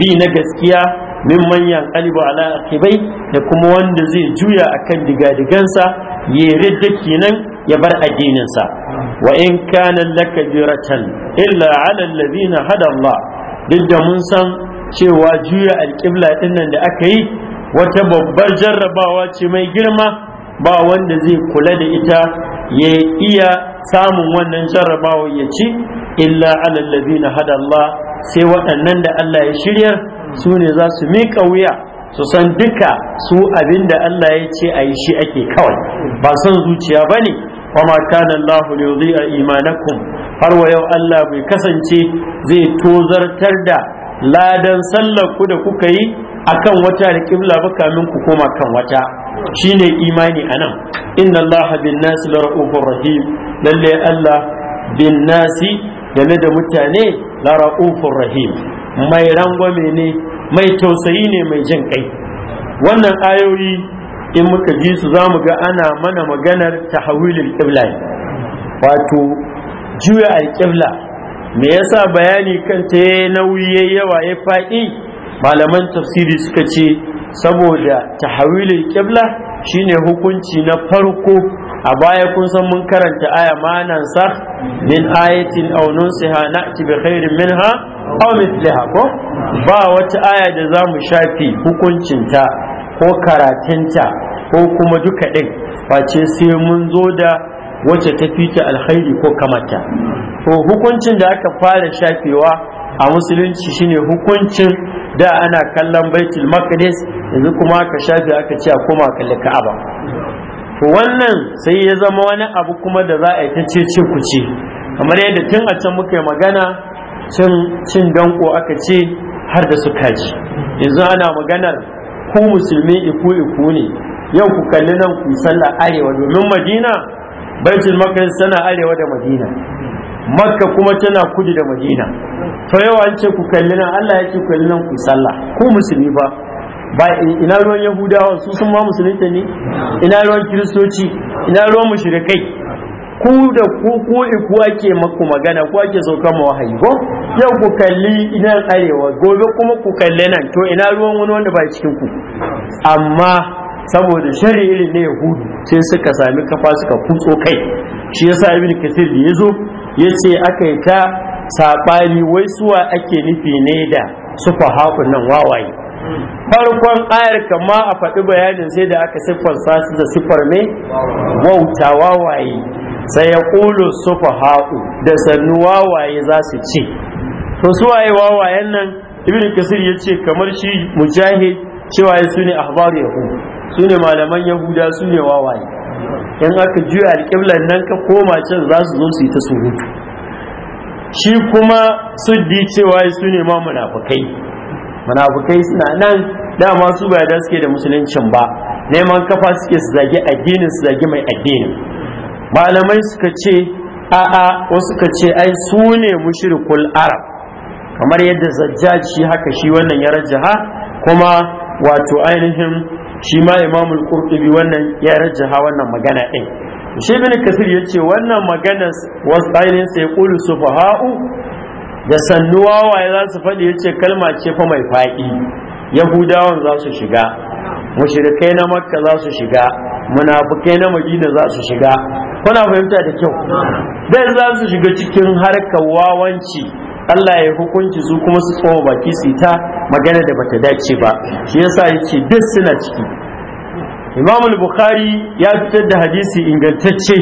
bi na gaskiya min manyan ala aqibai da kuma wanda zai juya akan digadigansa ya ridda kenan ya bar addininsa wa in kana lakabiratan illa ala alladhina hada Allah duk da mun san cewa juya alƙibla ɗin nan da aka yi wata babbar jarrabawa ce mai girma ba wanda zai kula da ita ya iya samun wannan jarrabawa ya ci illa ala alladhina hada Allah sai waɗannan da Allah ya shiryar su ne za su miƙa wuya su san duka su abin da Allah ya ce a yi shi ake kawai ba son zuciya ba ne وما كان الله ليضيع إيمانكم har wa yau Allah bai kasance zai tozartar da ladan sallar ku da kuka yi akan wata da kibla ba kamin ku koma kan wata shine imani anan inna Allahu bin nasi la rahim lalle Allah bin nasi game da mutane la rahim mai rangwame ne mai tausayi ne mai jin kai wannan ayoyi in muka ji su za mu ga ana mana maganar tahawilul qibla wato juya al-ƙibla. me yasa bayani kan ta nauyi yawa ya faɗi malaman tafsiri suka ce saboda tahawilul ƙibla shine hukunci na farko a baya kun san mun karanta aya manan sa min ayatin aw nunsiha na'ti bi khairin minha aw mithliha ko ba wata aya da zamu shafi hukuncin ta ko karatunta ko kuma duka ɗin face sai mun zo da wacce ta fita alkhairi ko kamata to hukuncin da aka fara shafewa a musulunci shine hukuncin da ana kallon baitul maqdis yanzu kuma aka shafe aka ce a koma kalli ka'aba to wannan sai ya zama wani abu kuma da za a yi ta ce ce ku ce kamar yadda tun a can muka yi magana cin cin danko aka ce har da su kaji yanzu ana maganar ku musulmi iku iku ne yau ku kalli nan ku sallah arewa domin madina baitul maqdis tana arewa da madina makka kuma tana kudu da madina to yau an ce ku kalli nan Allah ya ce ku kalli nan ku sallah ku musulmi ba ba ina ruwan yahudawa su sun ma musulunta ne ina ruwan kiristoci ina ruwan mushrikai ku da ku ku ku ake maku magana ku ake sauka ma wahayi ko yau ku kalli ina arewa gobe kuma ku kalli nan to ina ruwan wani wanda ba cikin ku amma saboda shari irin na yahudu sai suka sami kafa suka kutso kai shi sa ibn kasir da ya zo ya ce aka yi ta sabani wai suwa ake nufi ne da sufa sufaha'un nan wawaye farkon ayar kama a faɗi bayanin sai da aka siffar sasu da siffar mai wauta wawaye sai ya ƙulu sufa haƙu da sannu wawaye za su ce to su waye wawayen nan ibn kasir ya ce kamar shi mujahid cewa ya su ne ahbar yahu su ne malaman yahuda su ne wawaye in aka juya alƙiblar nan ka koma can za su zo su yi ta surutu shi kuma suddi cewa su ne ma munafukai munafukai suna nan dama su ba da suke da musuluncin ba neman kafa suke su zagi addinin su zage mai addinin malamai suka ce a'a wasu suka ce ai su ne mushrikul arab kamar yadda zajjaj shi haka shi wannan ya rajaha kuma wato ainihin shi ma imamul qurtubi wannan ya rajaha wannan magana din shi ibn kasir yace wannan magana wasu ainihin sai qulu sufaha'u da sannuwa waye za su faɗi yace kalma ce fa mai faɗi yahudawan za su shiga Mushirikai na makka za su shiga munafukai na madina za su shiga kuna fahimta da kyau dan za su shiga cikin harkar wawanci Allah ya hukunci su kuma su tsoma baki su ta magana da bata dace ba shi yasa yace duk suna ciki Imam al-Bukhari ya fitar da hadisi ingantacce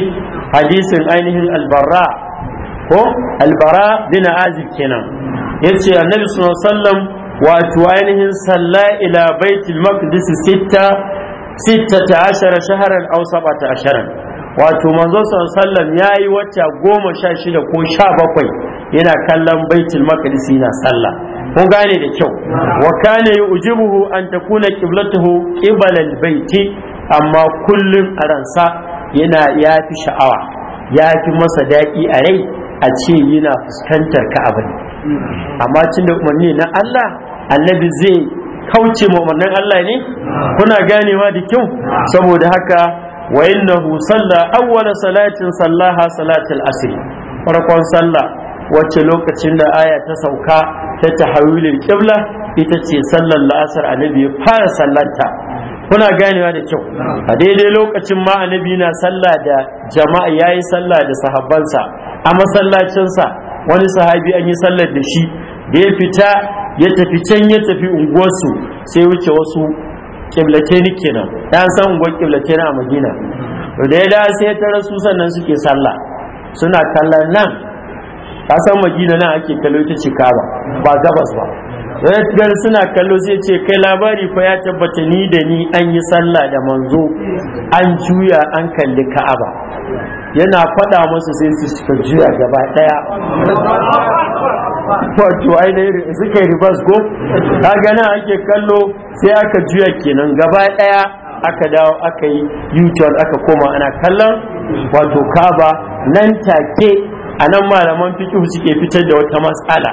hadisin ainihin al-Barra ko al-Bara bin Azib kenan yace Annabi sallallahu alaihi wasallam wato ainihin salla ila baitul maqdis sitta ta ashara shaharan aw sab'ata ashara wato manzo sallam yayi wata goma sha shida ko sha bakwai yana kallon baitul maqdis yana sallah ko gane da kyau wa kana yujibuhu an takuna qiblatuhu qibalal baiti amma kullum aransa ransa ya fi sha'awa ya fi masa daɗi a rai a ce yana fuskantar ka'aba amma tunda umarni na Allah annabi zai kauce umarnin Allah ne kuna ganewa da kyau saboda haka wa innahu salla awwala salatin sallaha salatul asr farkon sallah wacce lokacin da aya ta sauka ta tahawilul qibla ita ce sallar la'asar annabi ya fara sallanta kuna ganewa da kyau a daidai lokacin ma annabi na sallah da jama'a yayi sallah da sahabbansa a masallacinsa wani sahabi an yi sallar da shi da ya fita ya tafi can ya tafi unguwarsu sai wuce wasu kiblateni kenan ya san unguwar kiblateni a madina da ya da sai ta rasu sannan suke sallah suna kallon nan ta san madina nan ake kallo ta cika ba ba gabas ba gani suna kallo sai ce kai labari fa ya tabbata ni da ni an yi sallah da manzo an juya an kalli ka'aba yana faɗa masu sai su suka juya gaba ɗaya wato ainihin suka reverse ribas kaga nan ake kallo sai aka juya kenan gaba daya aka dawo aka yi u-turn aka koma ana kallon wato kaba nan take a nan malaman fikihu suke fitar da wata matsala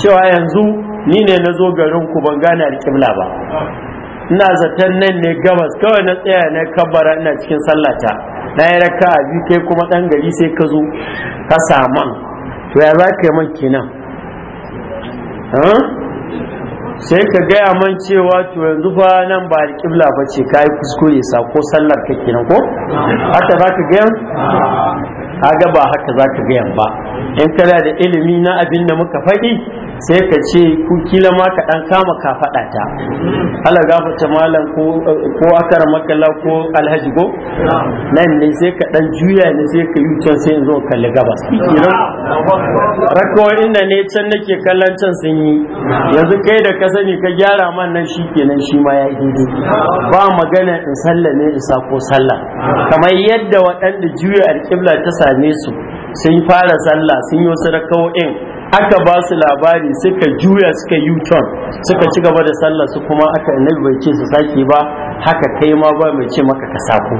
cewa yanzu ni ne na zo garin ku ban gane alƙibla ba ina zaton nan ne gabas kawai na tsaya na kabbara ina cikin sallata na yi raka a biyu kai kuma ɗan gari sai ka zo ka saman to ya za ka yi man kenan sai ka gaya man cewa to yanzu fa nan ba kibla ba ce ka yi kuskure ko sallar ka nan ko haka za ka gaya kaga ba haka za ka gayan ba in kana da ilimi na abin da muka faɗi sai ka ce ku kila ma ka ɗan kama ka faɗa ta ala gafata malam ko akara makalla ko alhaji nan ne sai ka ɗan juya ne sai ka yi can sai in zo kalli gabas rakawa ina ne can nake kallon can sun yi yanzu kai da ka sani ka gyara man nan shi kenan shi ma ya yi ba magana in sallah ne isa ko sallah kamar yadda waɗanda juya alƙibla ta same su sun fara sallah sun yi wasu raka'o'in aka ba su labari suka juya suka yuton suka ci gaba da sallah su kuma aka annabi bai ce su sake ba haka kai ma ba mai ce maka ka sako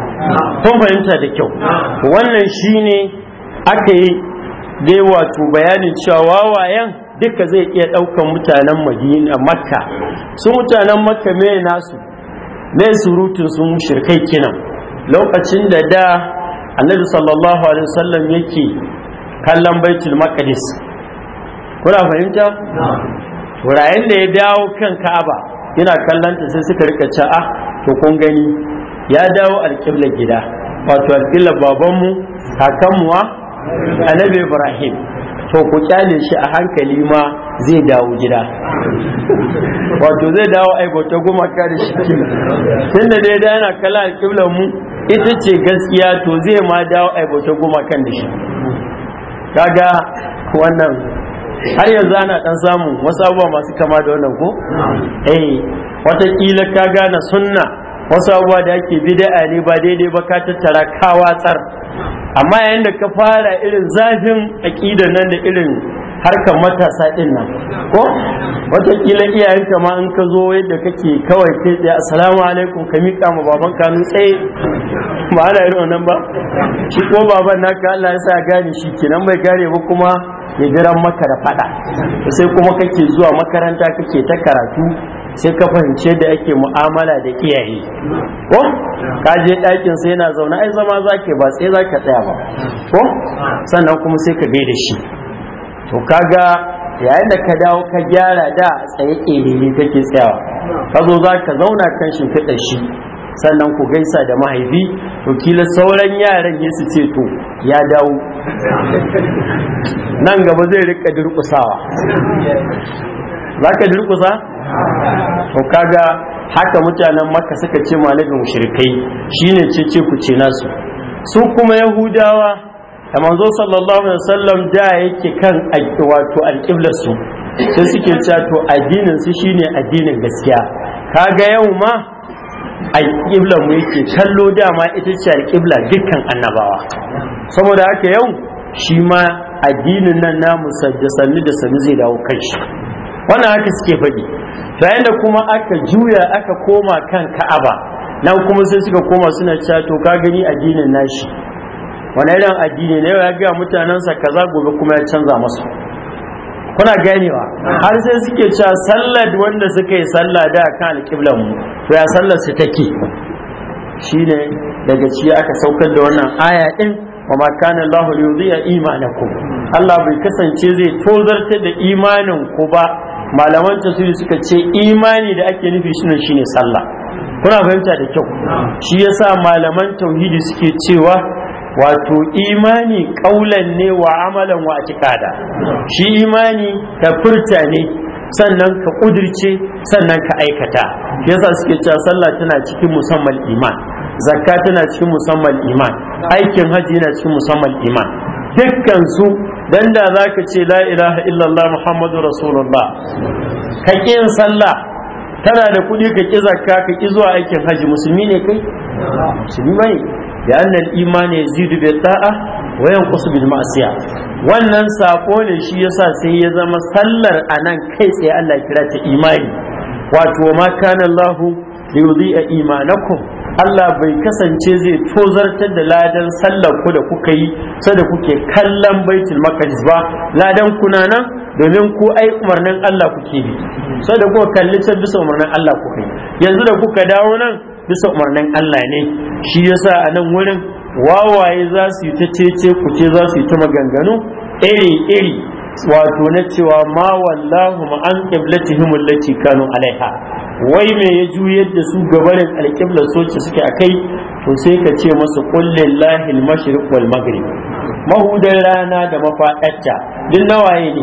kun fahimta da kyau wannan shine aka yi dai wato bayanin cewa wawayen duka zai iya ɗaukan mutanen madina makka su mutanen makka me nasu me surutun sun shirkai kinan lokacin da da annabi sallallahu alaihi wasallam yake kallon baitul maqdis kuna fahimta wurayen da ya dawo kan ka'aba yana kallon ta sai suka rika ce ah to kun gani ya dawo alqibla gida wato alqibla babanmu wa? annabi ibrahim to ku kyale shi a hankali ma zai dawo gida wato zai dawo goma gumaka da shi da dai da yana kala alƙiblar mu ita ce gaskiya to zai ma dawo goma kan da shi kaga wannan har yanzu ana dan samun wasu abubuwa masu kama da wannan ko eh watakila kaga gane sunna wasu abubuwa da ake bida'a ne ba daidai ba ka tattara ka watsar amma yayin da ka fara irin zafin aƙida nan da irin harkar matasa ɗin nan ko watakila iyayenka ma in ka zo yadda kake kawai kai tsaye assalamu alaikum ka miƙa ma baban kanun tsaye ba ana irin wannan ba shi ko baban naka Allah ya sa gane shi kenan bai gare ba kuma ya jira maka da fada sai kuma kake zuwa makaranta kake ta karatu sai ka fahimci da ake mu'amala da iyaye ko ka je ɗakin sai yana zaune ai zama zake ba sai zaka tsaya ba ko sannan kuma sai ka bai da shi to kaga yayin da ka dawo ka gyara da tsaye ƙerere kake tsayawa ka zo za ka zauna kan ka shi sannan ku gaisa da mahaifi to kila sauran yaran ya su ce to ya dawo nan gaba zai rika durƙusawa za ka durkusa to kaga haka mutanen maka suka ce malamin mushrikai shine ce ce ku ce nasu su kuma yahudawa da manzo sallallahu alaihi wasallam da yake kan wato alƙiblar su sai suke cewa to addinin su shine addinin gaskiya kaga yau ma alƙiblar mu yake kallo dama ita ce alƙibla dukkan annabawa saboda haka yau shi ma addinin nan namu da sannu da sannu zai dawo kai shi wannan haka suke faɗi bayan da kuma aka juya aka koma kan ka'aba nan kuma sai suka koma suna cewa to ka gani addinin nashi wani irin addini ne ya ga mutanensa kaza gobe kuma ya canza masu kuna ganewa har sai suke cewa sallar wanda suka yi sallah da kan alƙiblan mu to ya sallar su take shine daga ci aka saukar da wannan aya din wa ma kana Allahu yudhi'a imanakum Allah bai kasance zai tozarta da imanin ku ba malaman tasiri suka ce imani da ake nufi shi shine sallah kuna fahimta da kyau shi yasa malaman tauhidi suke cewa wato imani kaulan ne wa amalan wa atikada shi imani ta furta ne sannan ka kudirce sannan ka aikata yasa suke cewa sallah tana cikin musamman iman zakka tana cikin musamman iman aikin hajji yana cikin musamman iman Dukkansu, su da za zaka ce la ilaha illallah muhammadu rasulullah ka kin sallah tana da kuɗi ka ki zakka ka ki zuwa aikin haji musulmi ne kai musulmi ne da annal imani yazidu bi ta'a wa yanqusu bil ma'siya wannan sako ne shi yasa sai ya zama sallar anan kai sai Allah kira ta imani wato ma kana Allahu li imanakum Allah bai kasance zai tozartar da ladan sallar ku da kuka yi sada kuke kallon baitul maqdis ba ladan kuna nan domin ku ai umarnin Allah kuke bi sada kuka kalli ta bisa umarnin Allah kuka yi yanzu da kuka dawo nan bisa umarnin Allah ne shi yasa a nan wurin wawaye za su yi ta cece kuce za su yi ta maganganu iri iri wato na cewa ma wallahu ma an qiblatihim allati kanu alaiha wai me ya juyar da su gabanin alqibla soce suke akai to sai ka ce musu qul lillahi al-mashriq wal maghrib mahudar rana da mafadarta din nawaye ne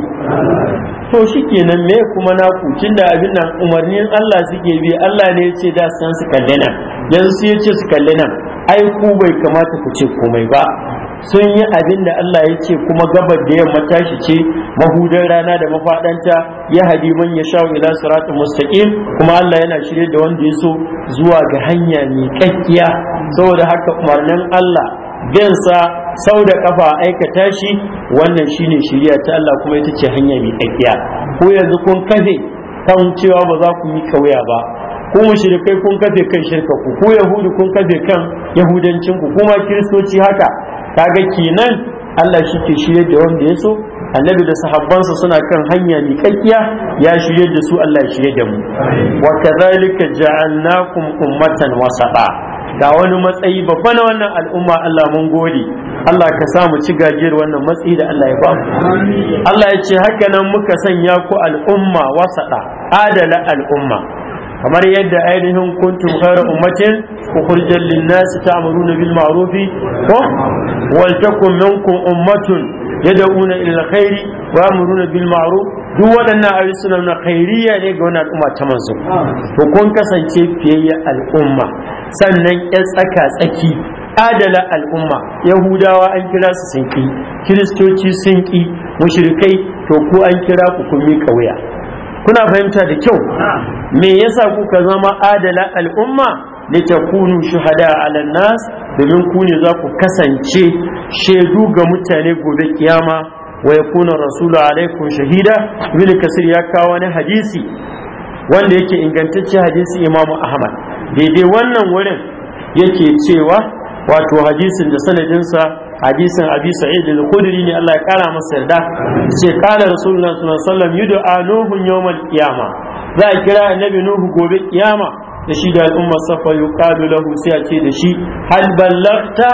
to shikenan me kuma na ku? da abin nan umarnin Allah suke bi Allah ne ya ce da san su kallina yanzu sai ya ce su kallina ai ku bai kamata ku ce komai ba sun yi abin da Allah ya ce kuma gabar da yamma tashi ce mahudan rana da mafaɗanta ya hadi man ya sha ila sirat mustaqim kuma Allah yana shirye da wanda ya so zuwa ga hanya mai kakkiya saboda haka umarnin Allah sa sau da kafa aikata shi wannan shine shiriya ta Allah kuma ita ce hanya mai kakkiya ko yanzu kun kafe kan cewa ba za ku yi kauya ba ko mushrikai kun kafe kan shirka ku ko yahudi kun kafe kan yahudancin ku kuma kiristoci haka kaga kenan Allah shi ke shirye da wanda ya so annabi da sahabbansa suna kan hanya miƙaƙiya ya shirye da su Allah ya shirye da mu wa kadhalika ja'alnakum ummatan wasata ga wani matsayi babba na wannan al'umma Allah mun gode Allah ka sa mu ci gajiyar wannan matsayi da Allah ya ba Allah ya ce haka nan muka sanya ku al'umma wasata adala al'umma kamar yadda ainihin kuntum khairu ummatin ukhrijal lin-nas ta'muruna bil ma'ruf wa takum minkum ummatun yad'una ila khairi wa amuruna bil ma'ruf duk waɗannan ayoyi suna na khairiyya ne ga wannan al'umma ta manzo to kun kasance fiyayya al'umma sannan ya tsaka tsaki adala al'umma yahudawa an kira su sun ki kiristoci sun ki mushrikai to ku an kira ku kun miƙa wuya kuna fahimta da kyau me yasa kuka zama adala al'umma litakunu shuhada ala nas domin ku ne za ku kasance shaidu ga mutane gobe kiyama wa yakuna rasulu alaikum shahida bil kasir ya kawo wani hadisi wanda yake ingantacce hadisi imamu ahmad daidai wannan wurin yake cewa wato hadisin da sanadinsa hadisin abi sa'id al-khudri ne Allah ya kara masa yarda ce kana rasulullah sallallahu alaihi wasallam Nuhu nuhun yawmal qiyama za a kira annabi nuhu gobe kiyama da shi da al'umma safa yuqalu lahu sai a ce da shi hal ballagta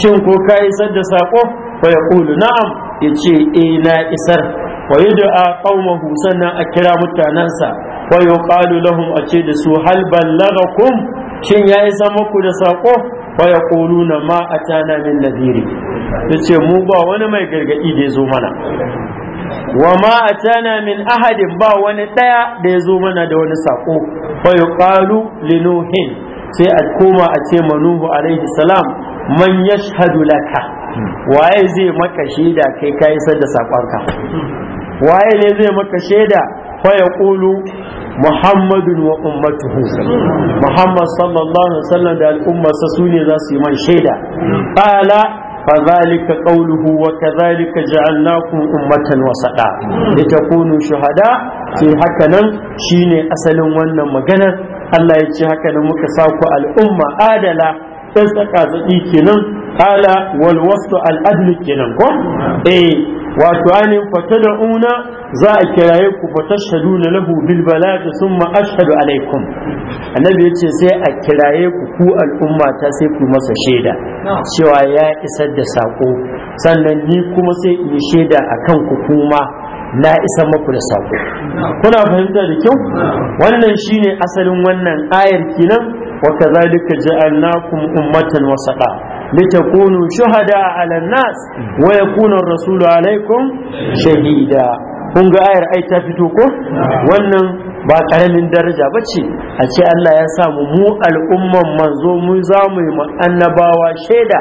shin ko ka isar da sako fa yaqulu na'am yace eh na isar wa yud'a qaumahu sannan a kira mutanansa wa yuqalu lahum a ce da su hal ballagakum shin ya isa muku da sako fa yaquluna ma tana min ta ce mu ba wani mai gargaɗi da ya zo mana wa ma tana min ahadin ba wani ɗaya da ya zo mana da wani sako fa linuhin sai a koma a ce manuhu alaihi salam man shahadu laka waye zai maka shaida kai ka sar da sakonka waye ne zai maka shaida فيقول محمد muhammadun محمد صلى الله عليه وسلم wasallam da سسوني su من شيدا قال فذلك قوله وكذلك جعلناكم أمة وسطا لتكونوا شهداء في هكذا شيني أسل ونن مجنة الله يجي هكذا مكساك الأمة آدلا تسقى ذلك قال والوسط الأدل كنن إيه wato ainihin una za a kiraye ku na lahu bil da sun ashhadu alaikum annabi yace sai a kiraye ku ku al'umma ta sai ku masa shaida cewa ya isar da sako sannan ni kuma sai in shaida akan ku kuma na isa maku da sako kuna fahimta da kyau wannan shine asalin wannan ayar kinan wa kazalika ja'alnakum ummatan wasaqa لتكونوا shuhada على الناس ويكون الرسول عليكم alaikum kun ga ayar ai ta fito ko wannan ba karamin daraja ba ce a ce Allah ya samu mu al'umman manzo mu za mu yi annabawa shaida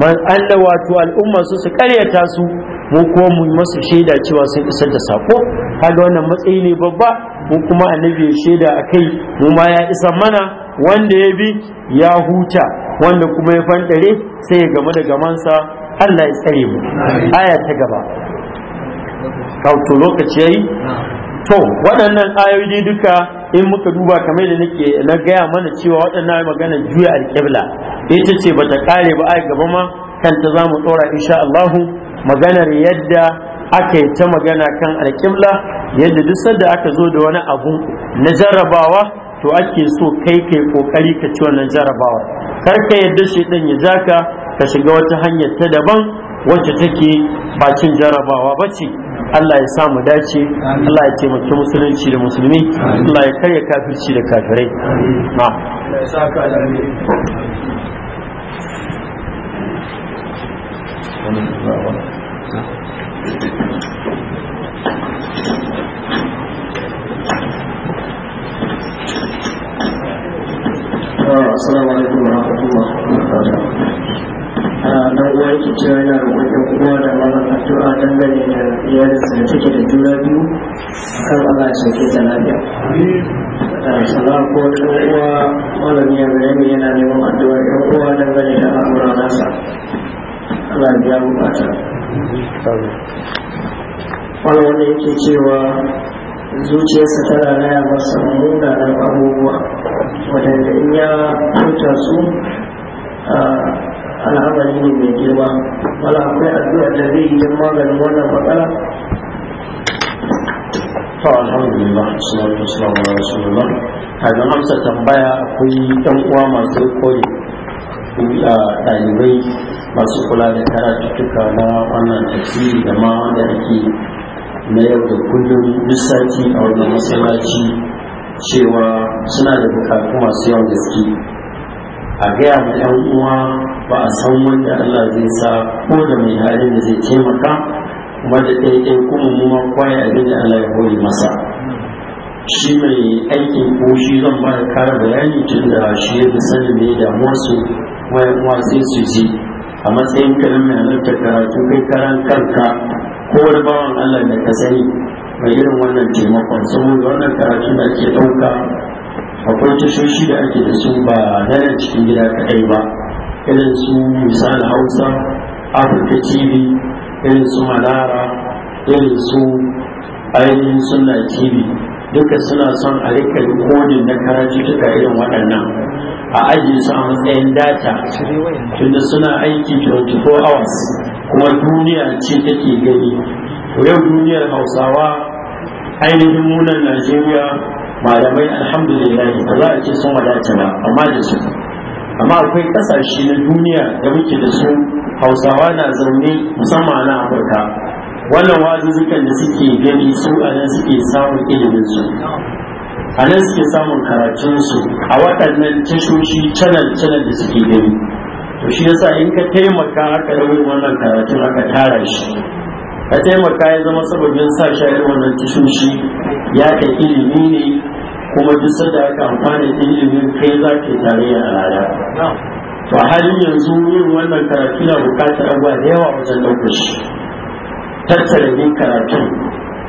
man Allah wato al'umma su su karyata su mu ko mu masu shaida cewa sun isar da sako kaga wannan matsayi ne babba mu kuma annabi ya shaida a kai mu ma ya isa mana wanda ya bi ya huta wanda kuma ya fanɗare sai ya gamu da gamansa Allah ya tsare mu aya ta gaba kautu lokaci yayi to waɗannan ayoyi duka in muka duba kamar da nake na gaya mana cewa waɗannan magana juya alƙibla ita ce bata kare ba a gaba ma kanta za mu tsora insha Allahu maganar yadda aka yi ta magana kan alƙibla yadda duk sanda aka zo da wani abu na jarrabawa to ake so kai kai kokari ka ci wannan jarrabawa kar ka yadda shaidan ya zaka ka shiga wata hanyar ta daban wacce take cin jarabawa ba ce Allah ya samu dace Allah ya taimaki musulunci da musulmi Allah ya karya kafirci da kafirai Thank you. Assalamu ah, da Allah ya ah, ɗan ɗan bukata. wanda yake cewa zuciyarsa tana raya masa munanan abubuwa waɗanda in ya huta su al'amari ne mai girma wala akwai addu'a da zai yi don maganin wannan matsala to alhamdulillah salatu wassalamu ala rasulillah kafin amsa tambaya akwai ɗan uwa masu koyi ɗalibai masu kula da karatuttuka na wannan tafsiri da ma wanda ake na yau da kullum duk sati a wannan masallaci cewa suna da bukatu masu yawan gaske a gaya ma yan uwa ba a san wanda Allah zai sa ko da mai halin da zai taimaka kuma da ɗaiɗai kuma mu ma kwaye abin Allah ya hori masa shi mai aikin ko shi zan ba da kara bayani tun da shi yadda sanin ne damuwarsu wayan uwa sai su ji a matsayin karin mai halittar karatu kai karan kanka ko wani bawan Allah da ka sani mai irin wannan taimakon saboda wannan karatu da ake ɗauka akwai tashoshi da ake da su ba nan cikin gida kaɗai ba irin su misali hausa afirka tv irin su malara irin su ainihin suna tv duka suna son a rika rikodin na karatu tuka irin waɗannan a ajiye su a matsayin data tunda suna aiki 24 hours kuma duniya ce take gani yau duniyar hausawa ainihin munan najeriya malamai alhamdulillah ba za a ce sun wadace ba amma da su amma akwai kasashe na duniya da muke da su hausawa na zaune musamman na afirka wannan wazuzzukan da suke gani su a nan suke samun ilimin su a nan suke samun karatun su, a waɗannan tashoshi canal canal da suke gani to shi yasa in ka taimaka aka yi wannan karatun aka tara shi ka taimaka ya zama sababin sa shi a wannan shi ya ka ilimi ne kuma duk sanda aka amfana ilimin kai za ka tarayya a rana to halin yanzu yin wannan karatu na bukatar abuwa da yawa wajen ɗaukar tattara yin karatun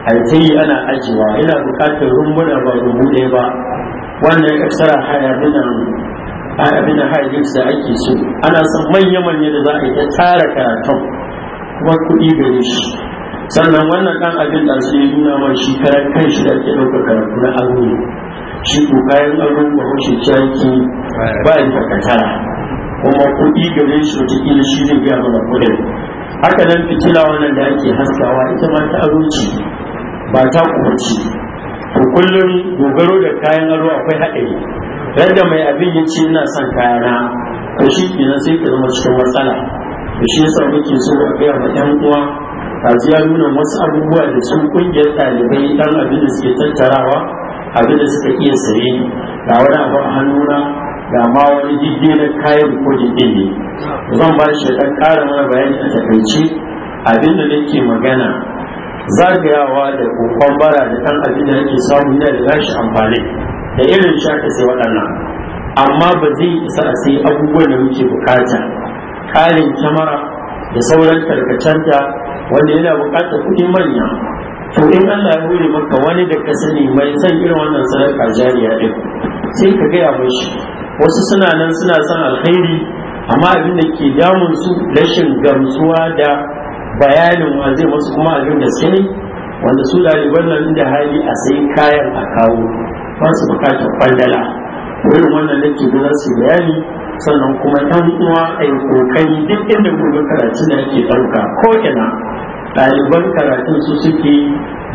aitayi ana ajiyewa yana bukatar rumbuna ba rumbu ɗaya ba wannan ƙasar haya muna ai abin hajjinsa ake so ana son manya-manya da za a yi ta tsara karatun kuma kuɗi gare shi sannan wannan ɗan abin da su yi nuna ma shi karan kan shi da ke ɗauka karatu na aure shi ko kayan aro ba shi ciyaki ba ya fakatara kuma kuɗi gare shi wataƙila shi zai biya mana kuɗin haka nan fitila wannan da ake haskawa ita ma ta aure ce ba ta kuma ce to kullum dogaro da kayan aro akwai haɗari yadda mai abin ya ce na son kayana to shi kenan sai ka zama cikin matsala to shi yasa muke so a gaya ma yan uwa A ya nuna wasu abubuwa da sun kungiyar ɗalibai dan abin da suke tattarawa abin da suka iya saye ga wani abu a hannuna ga ma wani na kayan ko jidde ne zan ba shi ɗan ƙara mana bayani a takaice abin da nake magana zagayawa da kokon bara da ɗan abin da nake samu yana da shi amfani da irin shaka sai waɗannan amma ba zai isa a sai abubuwan da muke bukata ƙarin kyamara da sauran tarkacenta wanda yana bukatar kuɗin manya to in Allah ya hore maka wani da ka sani mai san irin wannan sadaka jariya din sai ka gaya mashi wasu suna nan suna son alkhairi amma abin da ke damun su rashin gamsuwa da bayanin wa zai wasu kuma abin da sani wanda su ɗaliban nan da hali a sai kayan a kawo ba su bukatar kwallala wurin wannan nake za su bayani sannan kuma ɗan uwa a yi kokari duk inda gobe karatu da ake ɗauka ko ina ɗaliban karatun su suke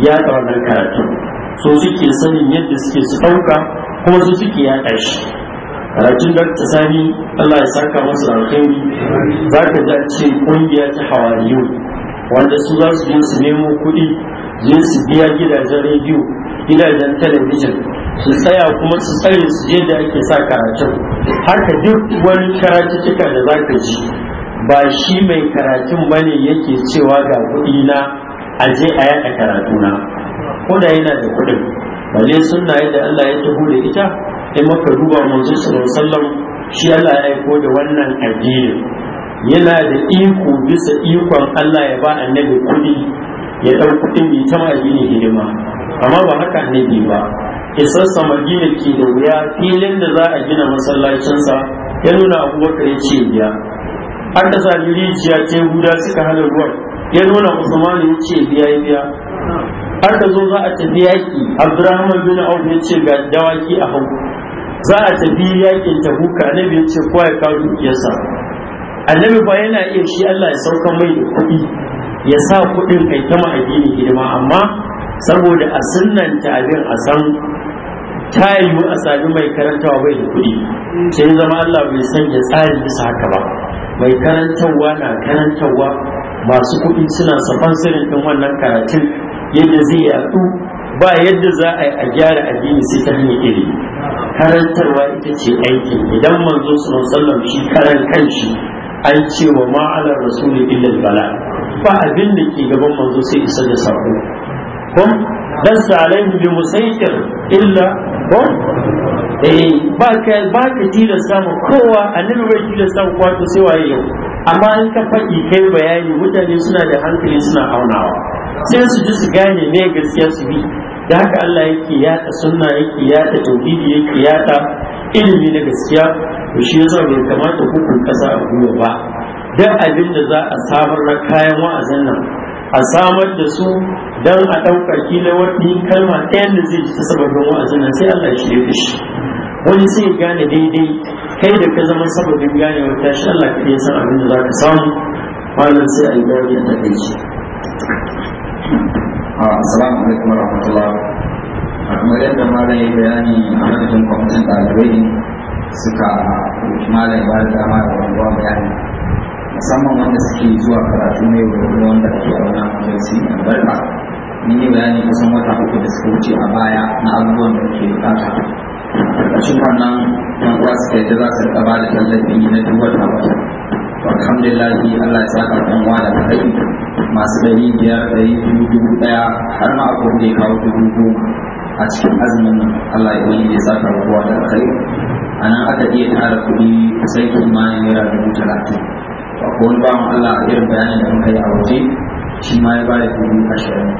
yaɗa wannan karatun Su suke sanin yadda suke su ɗauka kuma su suke ya ɗashi. karatun da ta sani Allah ya saka masu alkhairi za ka ji ce ƙungiya ta hawariyu wanda su za su je su nemo kuɗi je su biya gidajen rediyo gidajen talabijin su tsaya kuma su tsaye su je yadda ake sa karatun haka duk wani karatuttuka da za ka ji ba shi mai karatun ba bane yake cewa ga kuɗi na a je a yaɗa karatuna ko da yana da kuɗin balle yi da Allah ya taho da ita in maka duba manzo sallallahu shi Allah ya aiko da wannan addini yana da iko bisa ikon Allah ya ba annabi kuɗi ya ɗau kuɗin yi ta ma addini hidima amma ba haka annabi ba sassa madina ke da wuya filin da za a gina masallacinsa ya nuna ka ya ce biya har da sami rijiya ce guda suka hana ruwan ya nuna musamman ya ce biya ya biya har da zo za a tafi yaƙi abdurrahman bin auf ya ce ga dawaki a hau za a tafi yaƙin tabuka annabi ya ce kowa ya kawo dukiyarsa annabi ba yana iya shi allah ya sauka mai da kuɗi ya sa kuɗin kai ta addini hidima amma saboda a sunan abin a san ta yiwu a sami mai karantawa bai da kuɗi sai zama Allah bai san ya tsari bisa haka ba mai karantarwa na karantarwa masu kuɗi suna sirrin ɗin wannan karatun yadda zai yaɗu ba yadda za a yi a gyara addini sai ta hanyar iri. karantarwa ita ce aikin idan manzo sallallahu alaihi wasallam shi karan kanshi an cewa wa ma'alar rasuli illa bala ba abin da ke gaban manzo sai isa da sako kun dan salai bi musaitir illa kun eh ba ka ba ka tilasta samu kowa annabi bai samu kowa to sai waye yau amma in ka faɗi kai bayani mutane suna da hankali suna aunawa sai su ji su gane ne gaskiya su bi da haka Allah yake yada sunna yake yada tauhidi yake yada ilimi na gaskiya to shi yasa bai kamata hukun kasa a gwiwa ba duk abin da za a samar na kayan wa'azin nan a samar da su don a ɗaukar kila wani kalma ɗaya da zai ta sababin wa'azin nan sai Allah shi ya fi shi wani sai gane daidai kai da ka zama sababin ganewar tashi Allah ka iya san abin da za ka samu wannan sai a yi gani a shi. Ah, assalamu alaikum warahmatullahi ah, kamar yadda malam ya bayani a madadin kwamitin ɗalibai suka malam ba da dama da wanzuwa bayani musamman wanda suke zuwa karatu na yau da gobe wanda ake a wani majalisi albarka ni ne bayani kusan wata uku da suka wuce a baya na abubuwan da ke bukata ƙarƙashin wannan yan uwa suka yadda za su riƙa ba da tallafi na duk wata wata alhamdulillah Allah ya saka ɗan uwa da kai masu ɗari biyar ɗari biyu dubu ɗaya har ma akwai da ya kawo dubu goma a cikin azumin Allah ya yi ya saka ruwa da kai a nan aka iya tara kuɗi sai kimanin naira dubu talatin akwai wani mu allah a irin bayanin da muka yi a waje shi ma ya bada dubu ashirin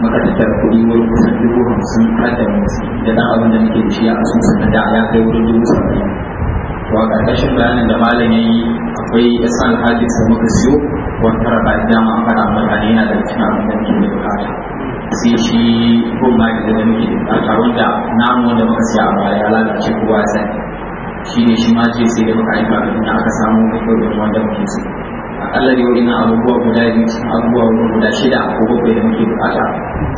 muka tattara kuɗi wurin kusan dubu hamsin har da da ɗan abin da muke da shi a asusun da da ya kai wurin dubu saba'in to a ƙarƙashin bayanin da malam yayi akwai yasa alhaji sai muka siyo wata raba dama a faɗa mutane yana da cikin abin da muke da bukata sai shi ma da da muke bukata wanda namu wanda muka siya a baya lalace kowa ya sani shi ne shi ma ce sai da muka aika da inda aka samu mafi wanda muke A akalla yau wani abubuwa guda biyu cikin abubuwa guda shida ko bakwai da muke bukata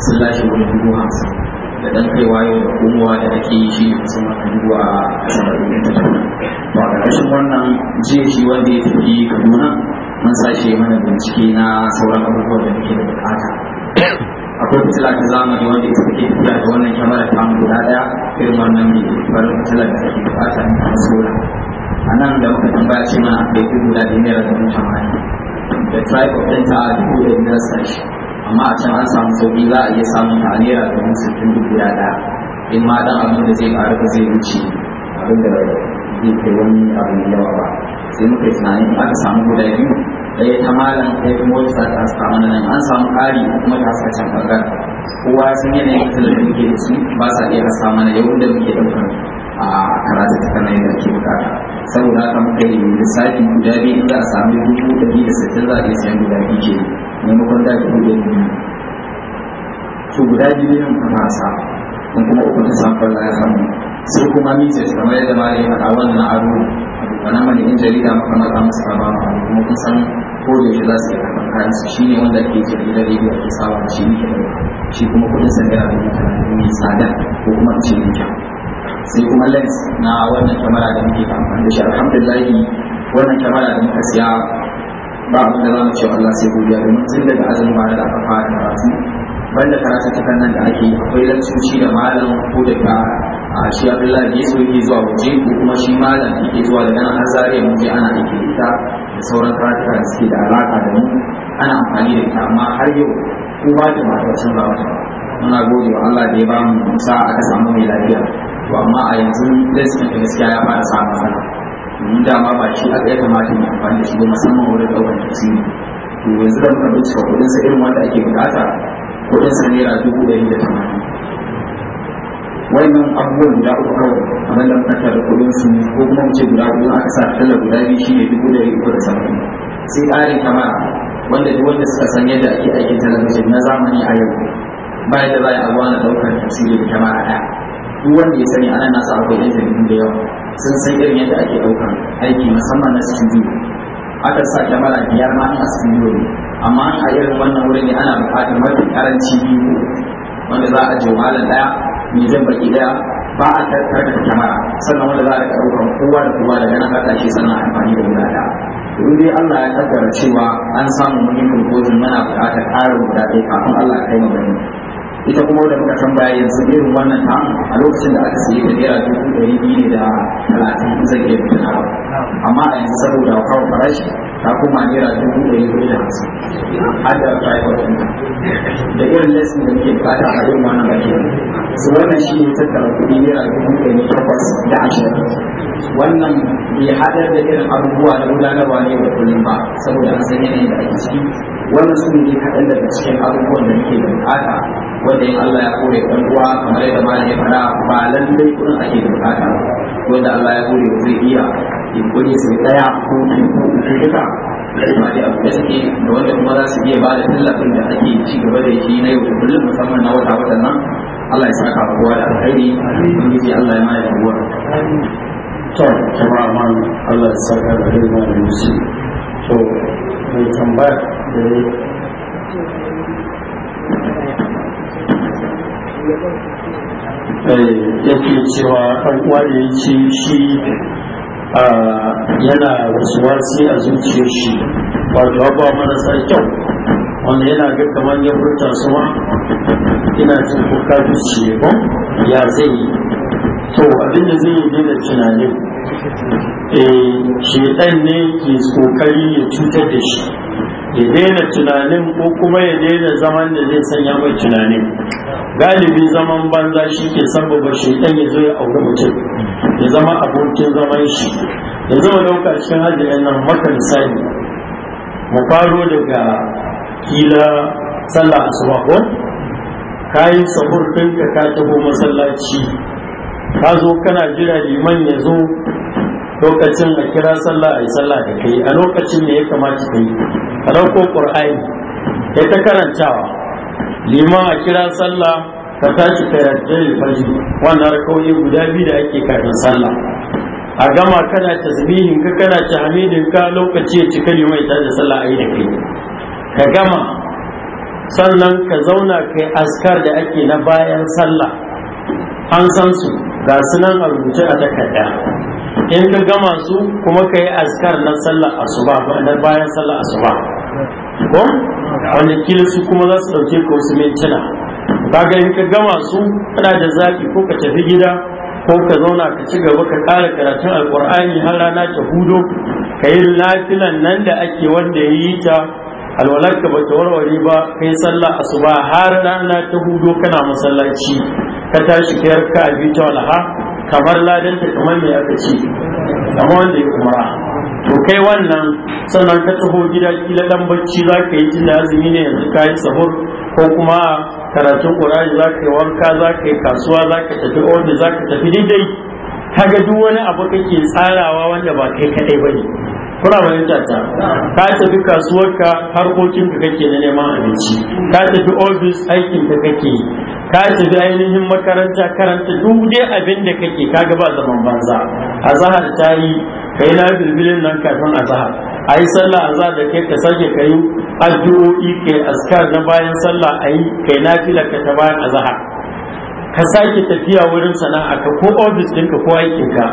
sun lashe wani dubu hamsin da dan kaiwa yau da komowa da ake yi shi kusan wata dubu a da ta ba a ƙarshen wannan jiya shi wanda ya tafi kaduna mun sashe mana bincike na sauran abubuwa da muke da bukata akwai fitila ta zamani wanda ita take tafiya da wannan kyamara ta mu guda daya irin wannan mai farin fitilar da take bukata ne a sola a nan da muka tambaya ce mana fi guda da naira dubu tamanin da tribe of ɗin a dubu da biyar sashi amma a can an samu sauki za a iya samun ta a naira dubu sittin dubu guda daya in ma dan abin da zai faru ba zai wuce abin da zai kai wani abu mai yawa ba sai muka yi tunanin aka samu guda biyu ɗaya ta malam ɗaya ta mota ta samu nan an samu ƙari kuma ta sa can ɓangaren kowa sun yanayin kitan da muke da su ba sa iya rasa mana yau da muke ɗaukar a karatu ta kanayi da ake bukata saboda haka muka yi lissafi guda biyu za a sami dubu biyu da sittin za a iya sayan guda biyu ke maimakon da dubu da biyu to guda biyu ne muka sa kuma uku ta samu ya samu sai kuma shi kamar yadda ma ya faɗa wannan aro wani in jarida maka maka masu kama kuma kun san ko da za su yi karɓar kayan su ne wanda ke jarida rediyo ake sawa shi ne shi kuma kuɗin da yana da mutane tsada ko kuma in ce kyau sai kuma lens na wannan kyamara da muke amfani da shi alhamdulillah wannan kyamara da muka siya ba abin da za mu ce Allah sai godiya domin tun daga azumi ba da aka fara karatu banda karatu tukan nan da ake akwai lantoci da malam ko da a shi abdullahi da yaso yake zuwa waje ko kuma shi malam yake zuwa da nan har zare mu je ana aiki da da sauran karatuka da suke da alaka da mu ana amfani da ita amma har yau ko ba ta ma ta ba muna gode wa Allah da ya ba mu sa aka samu mai lafiya to amma a yanzu lesson da gaskiya ya fara samun mun da ma ba shi aka ya kamata mu amfani da shi ba musamman wurin daukar tasiri to yanzu da muka bincika kuɗin sa irin wanda ake bukata kudin sa naira dubu ɗari da tamanin wannan abubuwan guda uku kawai kamar da muka da kudin su ne, ko kuma mu ce guda uku aka sa dala guda biyu shi ne dubu ɗari uku da saba'in sai ƙarin kamara wanda duk wanda suka san yadda ake aikin talabijin na zamani a yau bayan da bayan abuwa na ɗaukar tasirin da kamara ɗaya duk wanda ya sani ana nasa akwai yan jaridu da yawa sun san irin yadda ake ɗaukar aiki musamman na studio aka sa kyamara biyar ma a studio ne amma a irin wannan wurin ne ana buƙatar mafi ƙaranci biyu wanda za a je malam ɗaya mai zan baki daya ba a tattara da kyamara sannan wanda za a karu kan kowa da kowa da gana haɗa shi sannan amfani da da in dai Allah ya kaddara cewa an samu muhimmin yi yana muna buƙatar ƙarin guda ɗaya kafin Allah ya kai mu gani ita kuma da muka tambaya yanzu irin wannan ta a lokacin da aka sayi da naira dubu ɗari biyu ne da talatin zai iya fita amma a yanzu saboda kawo farashi ta nera naira dubu ɗari biyu da hamsin har da driver ɗin da irin lesson da muke bukata a irin wannan baki su wannan shi ne tattara kuɗi naira dubu ɗari takwas da ashirin wannan bai hadar da irin abubuwa da gudanarwa ne da kullum ba saboda an san yanayin da ake ciki wannan su ne kaɗan daga cikin abubuwan da muke da bukata wanda in Allah ya kore ɗan uwa kamar yadda malam ya faɗa ba lallai kuɗin ake da bukata wanda Allah ya kore zai iya in kuɗi sai ɗaya ko biyu ko uku duka ba dai abu da suke da wanda kuma za su iya ba da tallafin da ake ci gaba da shi na yau da kullum musamman na wata watan nan Allah ya saka kowa da alkhairi ubangiji Allah ya mai da ruwa to jama'a Allah ya saka da alkhairi da musu to mai tambaya Eh, yake cewa ɗan ya ce shi yana wasu wasi a zuciyar shi wato abuwa marasa kyau wanda yana ga kamar ya furta su ma ina cin kuka zuciya ba ya zai yi to abin da zai yi da tunanin eh shedan ne ke kokari ya cutar da shi ya daina tunanin ko kuma ya daina zaman da zai sanya mai tunanin galibi zaman banza shi ke sababa dan ya zo ya auri mutum ya zama abokin zaman shi ya zama lokacin cikin hajjiyar nan maka misali mu faro daga kila sallah asuba ko kayi sahur ɗinka ka taho masallaci ka zo kana jira liman ya zo lokacin a kira sallah a yi sallah da kai a lokacin da ya kamata ka yi ɗauko ƙur'ani ya ta karantawa liman a kira sallah ka tashi ka yarda da fajr wannan rakauye guda biyu da ake kafin sallah a gama kana tasbihin ka kana tahmidin ka lokaci ya cika ne mai tashi sallah a yi da kai ka gama sannan ka zauna kai askar da ake na bayan sallah an san su ga sunan a rubuce a takarda in ka gama su kuma ka yi askar na sallar asuba na bayan sallar asuba ko wanda kila su kuma za su dauke ko wasu mintuna kaga in ka gama su kana da zafi ko ka tafi gida ko ka zauna ka ci gaba ka ƙara karatun alkur'ani har rana ta hudo ka yi lafilan nan da ake wanda ya yi ta alwalarka ba bata warware ba kai sallah asuba har rana ta hudu kana masallaci ka tashi kiyar ka bi ta walaha kamar ladan ta kamar mai aka ce amma wanda ya kuma to kai wannan sannan ka taho gida kila dan bacci za ka yi tunda azumi ne yanzu ka yi sahur ko kuma karatun qur'ani za ka yi wanka za ka yi kasuwa za ka tafi ofis za ka tafi daidai Ka ga duk wani abu kake tsarawa wanda ba kai kadai bane kuna wani tata ka tafi kasuwarka harkokin ka kake na neman abinci ka tafi ofis aikin ka kake ka tafi ainihin makaranta karanta duk dai abin da kake kaga ba zaman banza azahar tayi kai na bilbilin nan kafin azahar yi sallah azhar da kai ka sake kayi addu'o'i kai askar na bayan sallah ayi kai nafila ka ta bayan azahar ka sake tafiya wurin sana'a ka ko ofis ɗinka ko aikin ka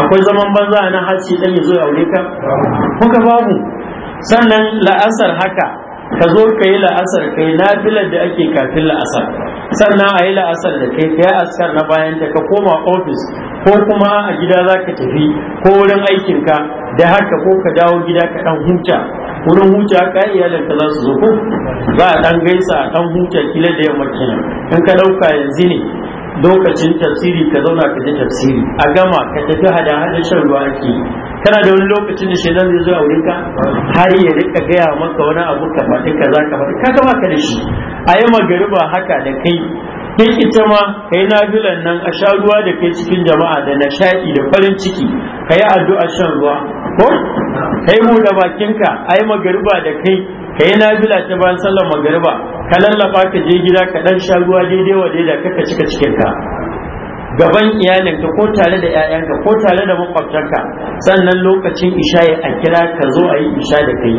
akwai zaman banza na hasi dan ya ya aure ka kuka babu sannan la'asar haka ka zo ka yi la'asar kai na filar da ake kafin la'asar sannan a yi la'asar da kai ka yi askar na bayan ta ka koma ofis ko kuma a gida za ka tafi ko wurin aikinka da haka ko ka dawo gida ka ɗan huta wurin huta ka iyalinka za su zo ko za a ɗan gaisa a ɗan huta kila da yamma kenan in ka ɗauka yanzu ne lokacin tafsiri ka zauna ka ji tafsiri a gama ka tafi hada hada shan ruwa ake kana da wani lokacin da shaidan zai zo a wurinka har ya rika gaya maka wani abu ka faɗi ka za ka faɗi ka gama ka da shi a yi magariba haka da kai kai ita ma kai nafilan nan a sha ruwa da kai cikin jama'a da nishaɗi da farin ciki ka yi addu'a shan ruwa ko kai da bakinka a yi magariba da kai ka yi bila ta bayan sallar magariba ka lallafa ka je gida ka dan sha ruwa daidai wa daidai ka cika cikin ka gaban iyalinka ko tare da 'ya'yanka ko tare da makwabtanka sannan lokacin isha'i a kira ka zo a yi isha da kai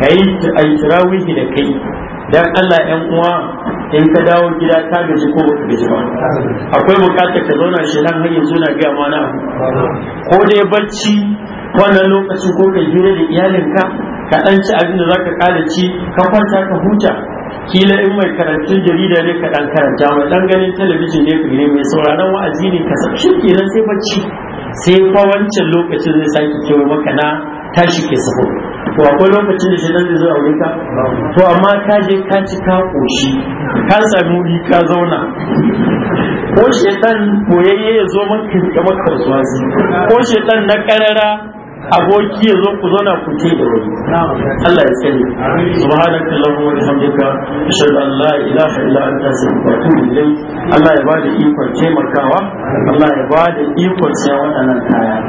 ka yi a yi da kai dan Allah 'yan uwa in ka dawo gida ka gaji ko baka gaji ba akwai bukatar ka zauna shi nan har yanzu na ga mana ko dai bacci wannan lokacin ko ka gida da iyalinka ka dan ci abin da za ka ci ka kwanta ka huta kila in mai karantun jarida ne ka dan karanta mai ɗan ganin talabijin ne ka ne mai sauraron wa'azi ne ka shi kenan sai bacci sai fa wancan lokacin zai sake kewa maka na tashi ke sabo to akwai lokacin da shaitan zai zo a wurinka to amma ka je ka ci ka koshi ka sami wuri ka zauna ko shedan boyayye ya zo maka ya maka wasu ko shedan na karara aboki ya zo ku zauna ku ke da wani Allah ya sani subhanaka allahumma wa bihamdika ashhadu an la ilaha illa anta astaghfiruka wa atubu Allah ya bada ikon taimakawa Allah ya bada ikon sai wadannan kaya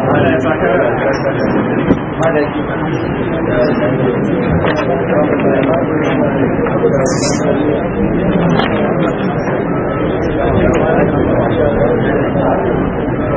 Thank you.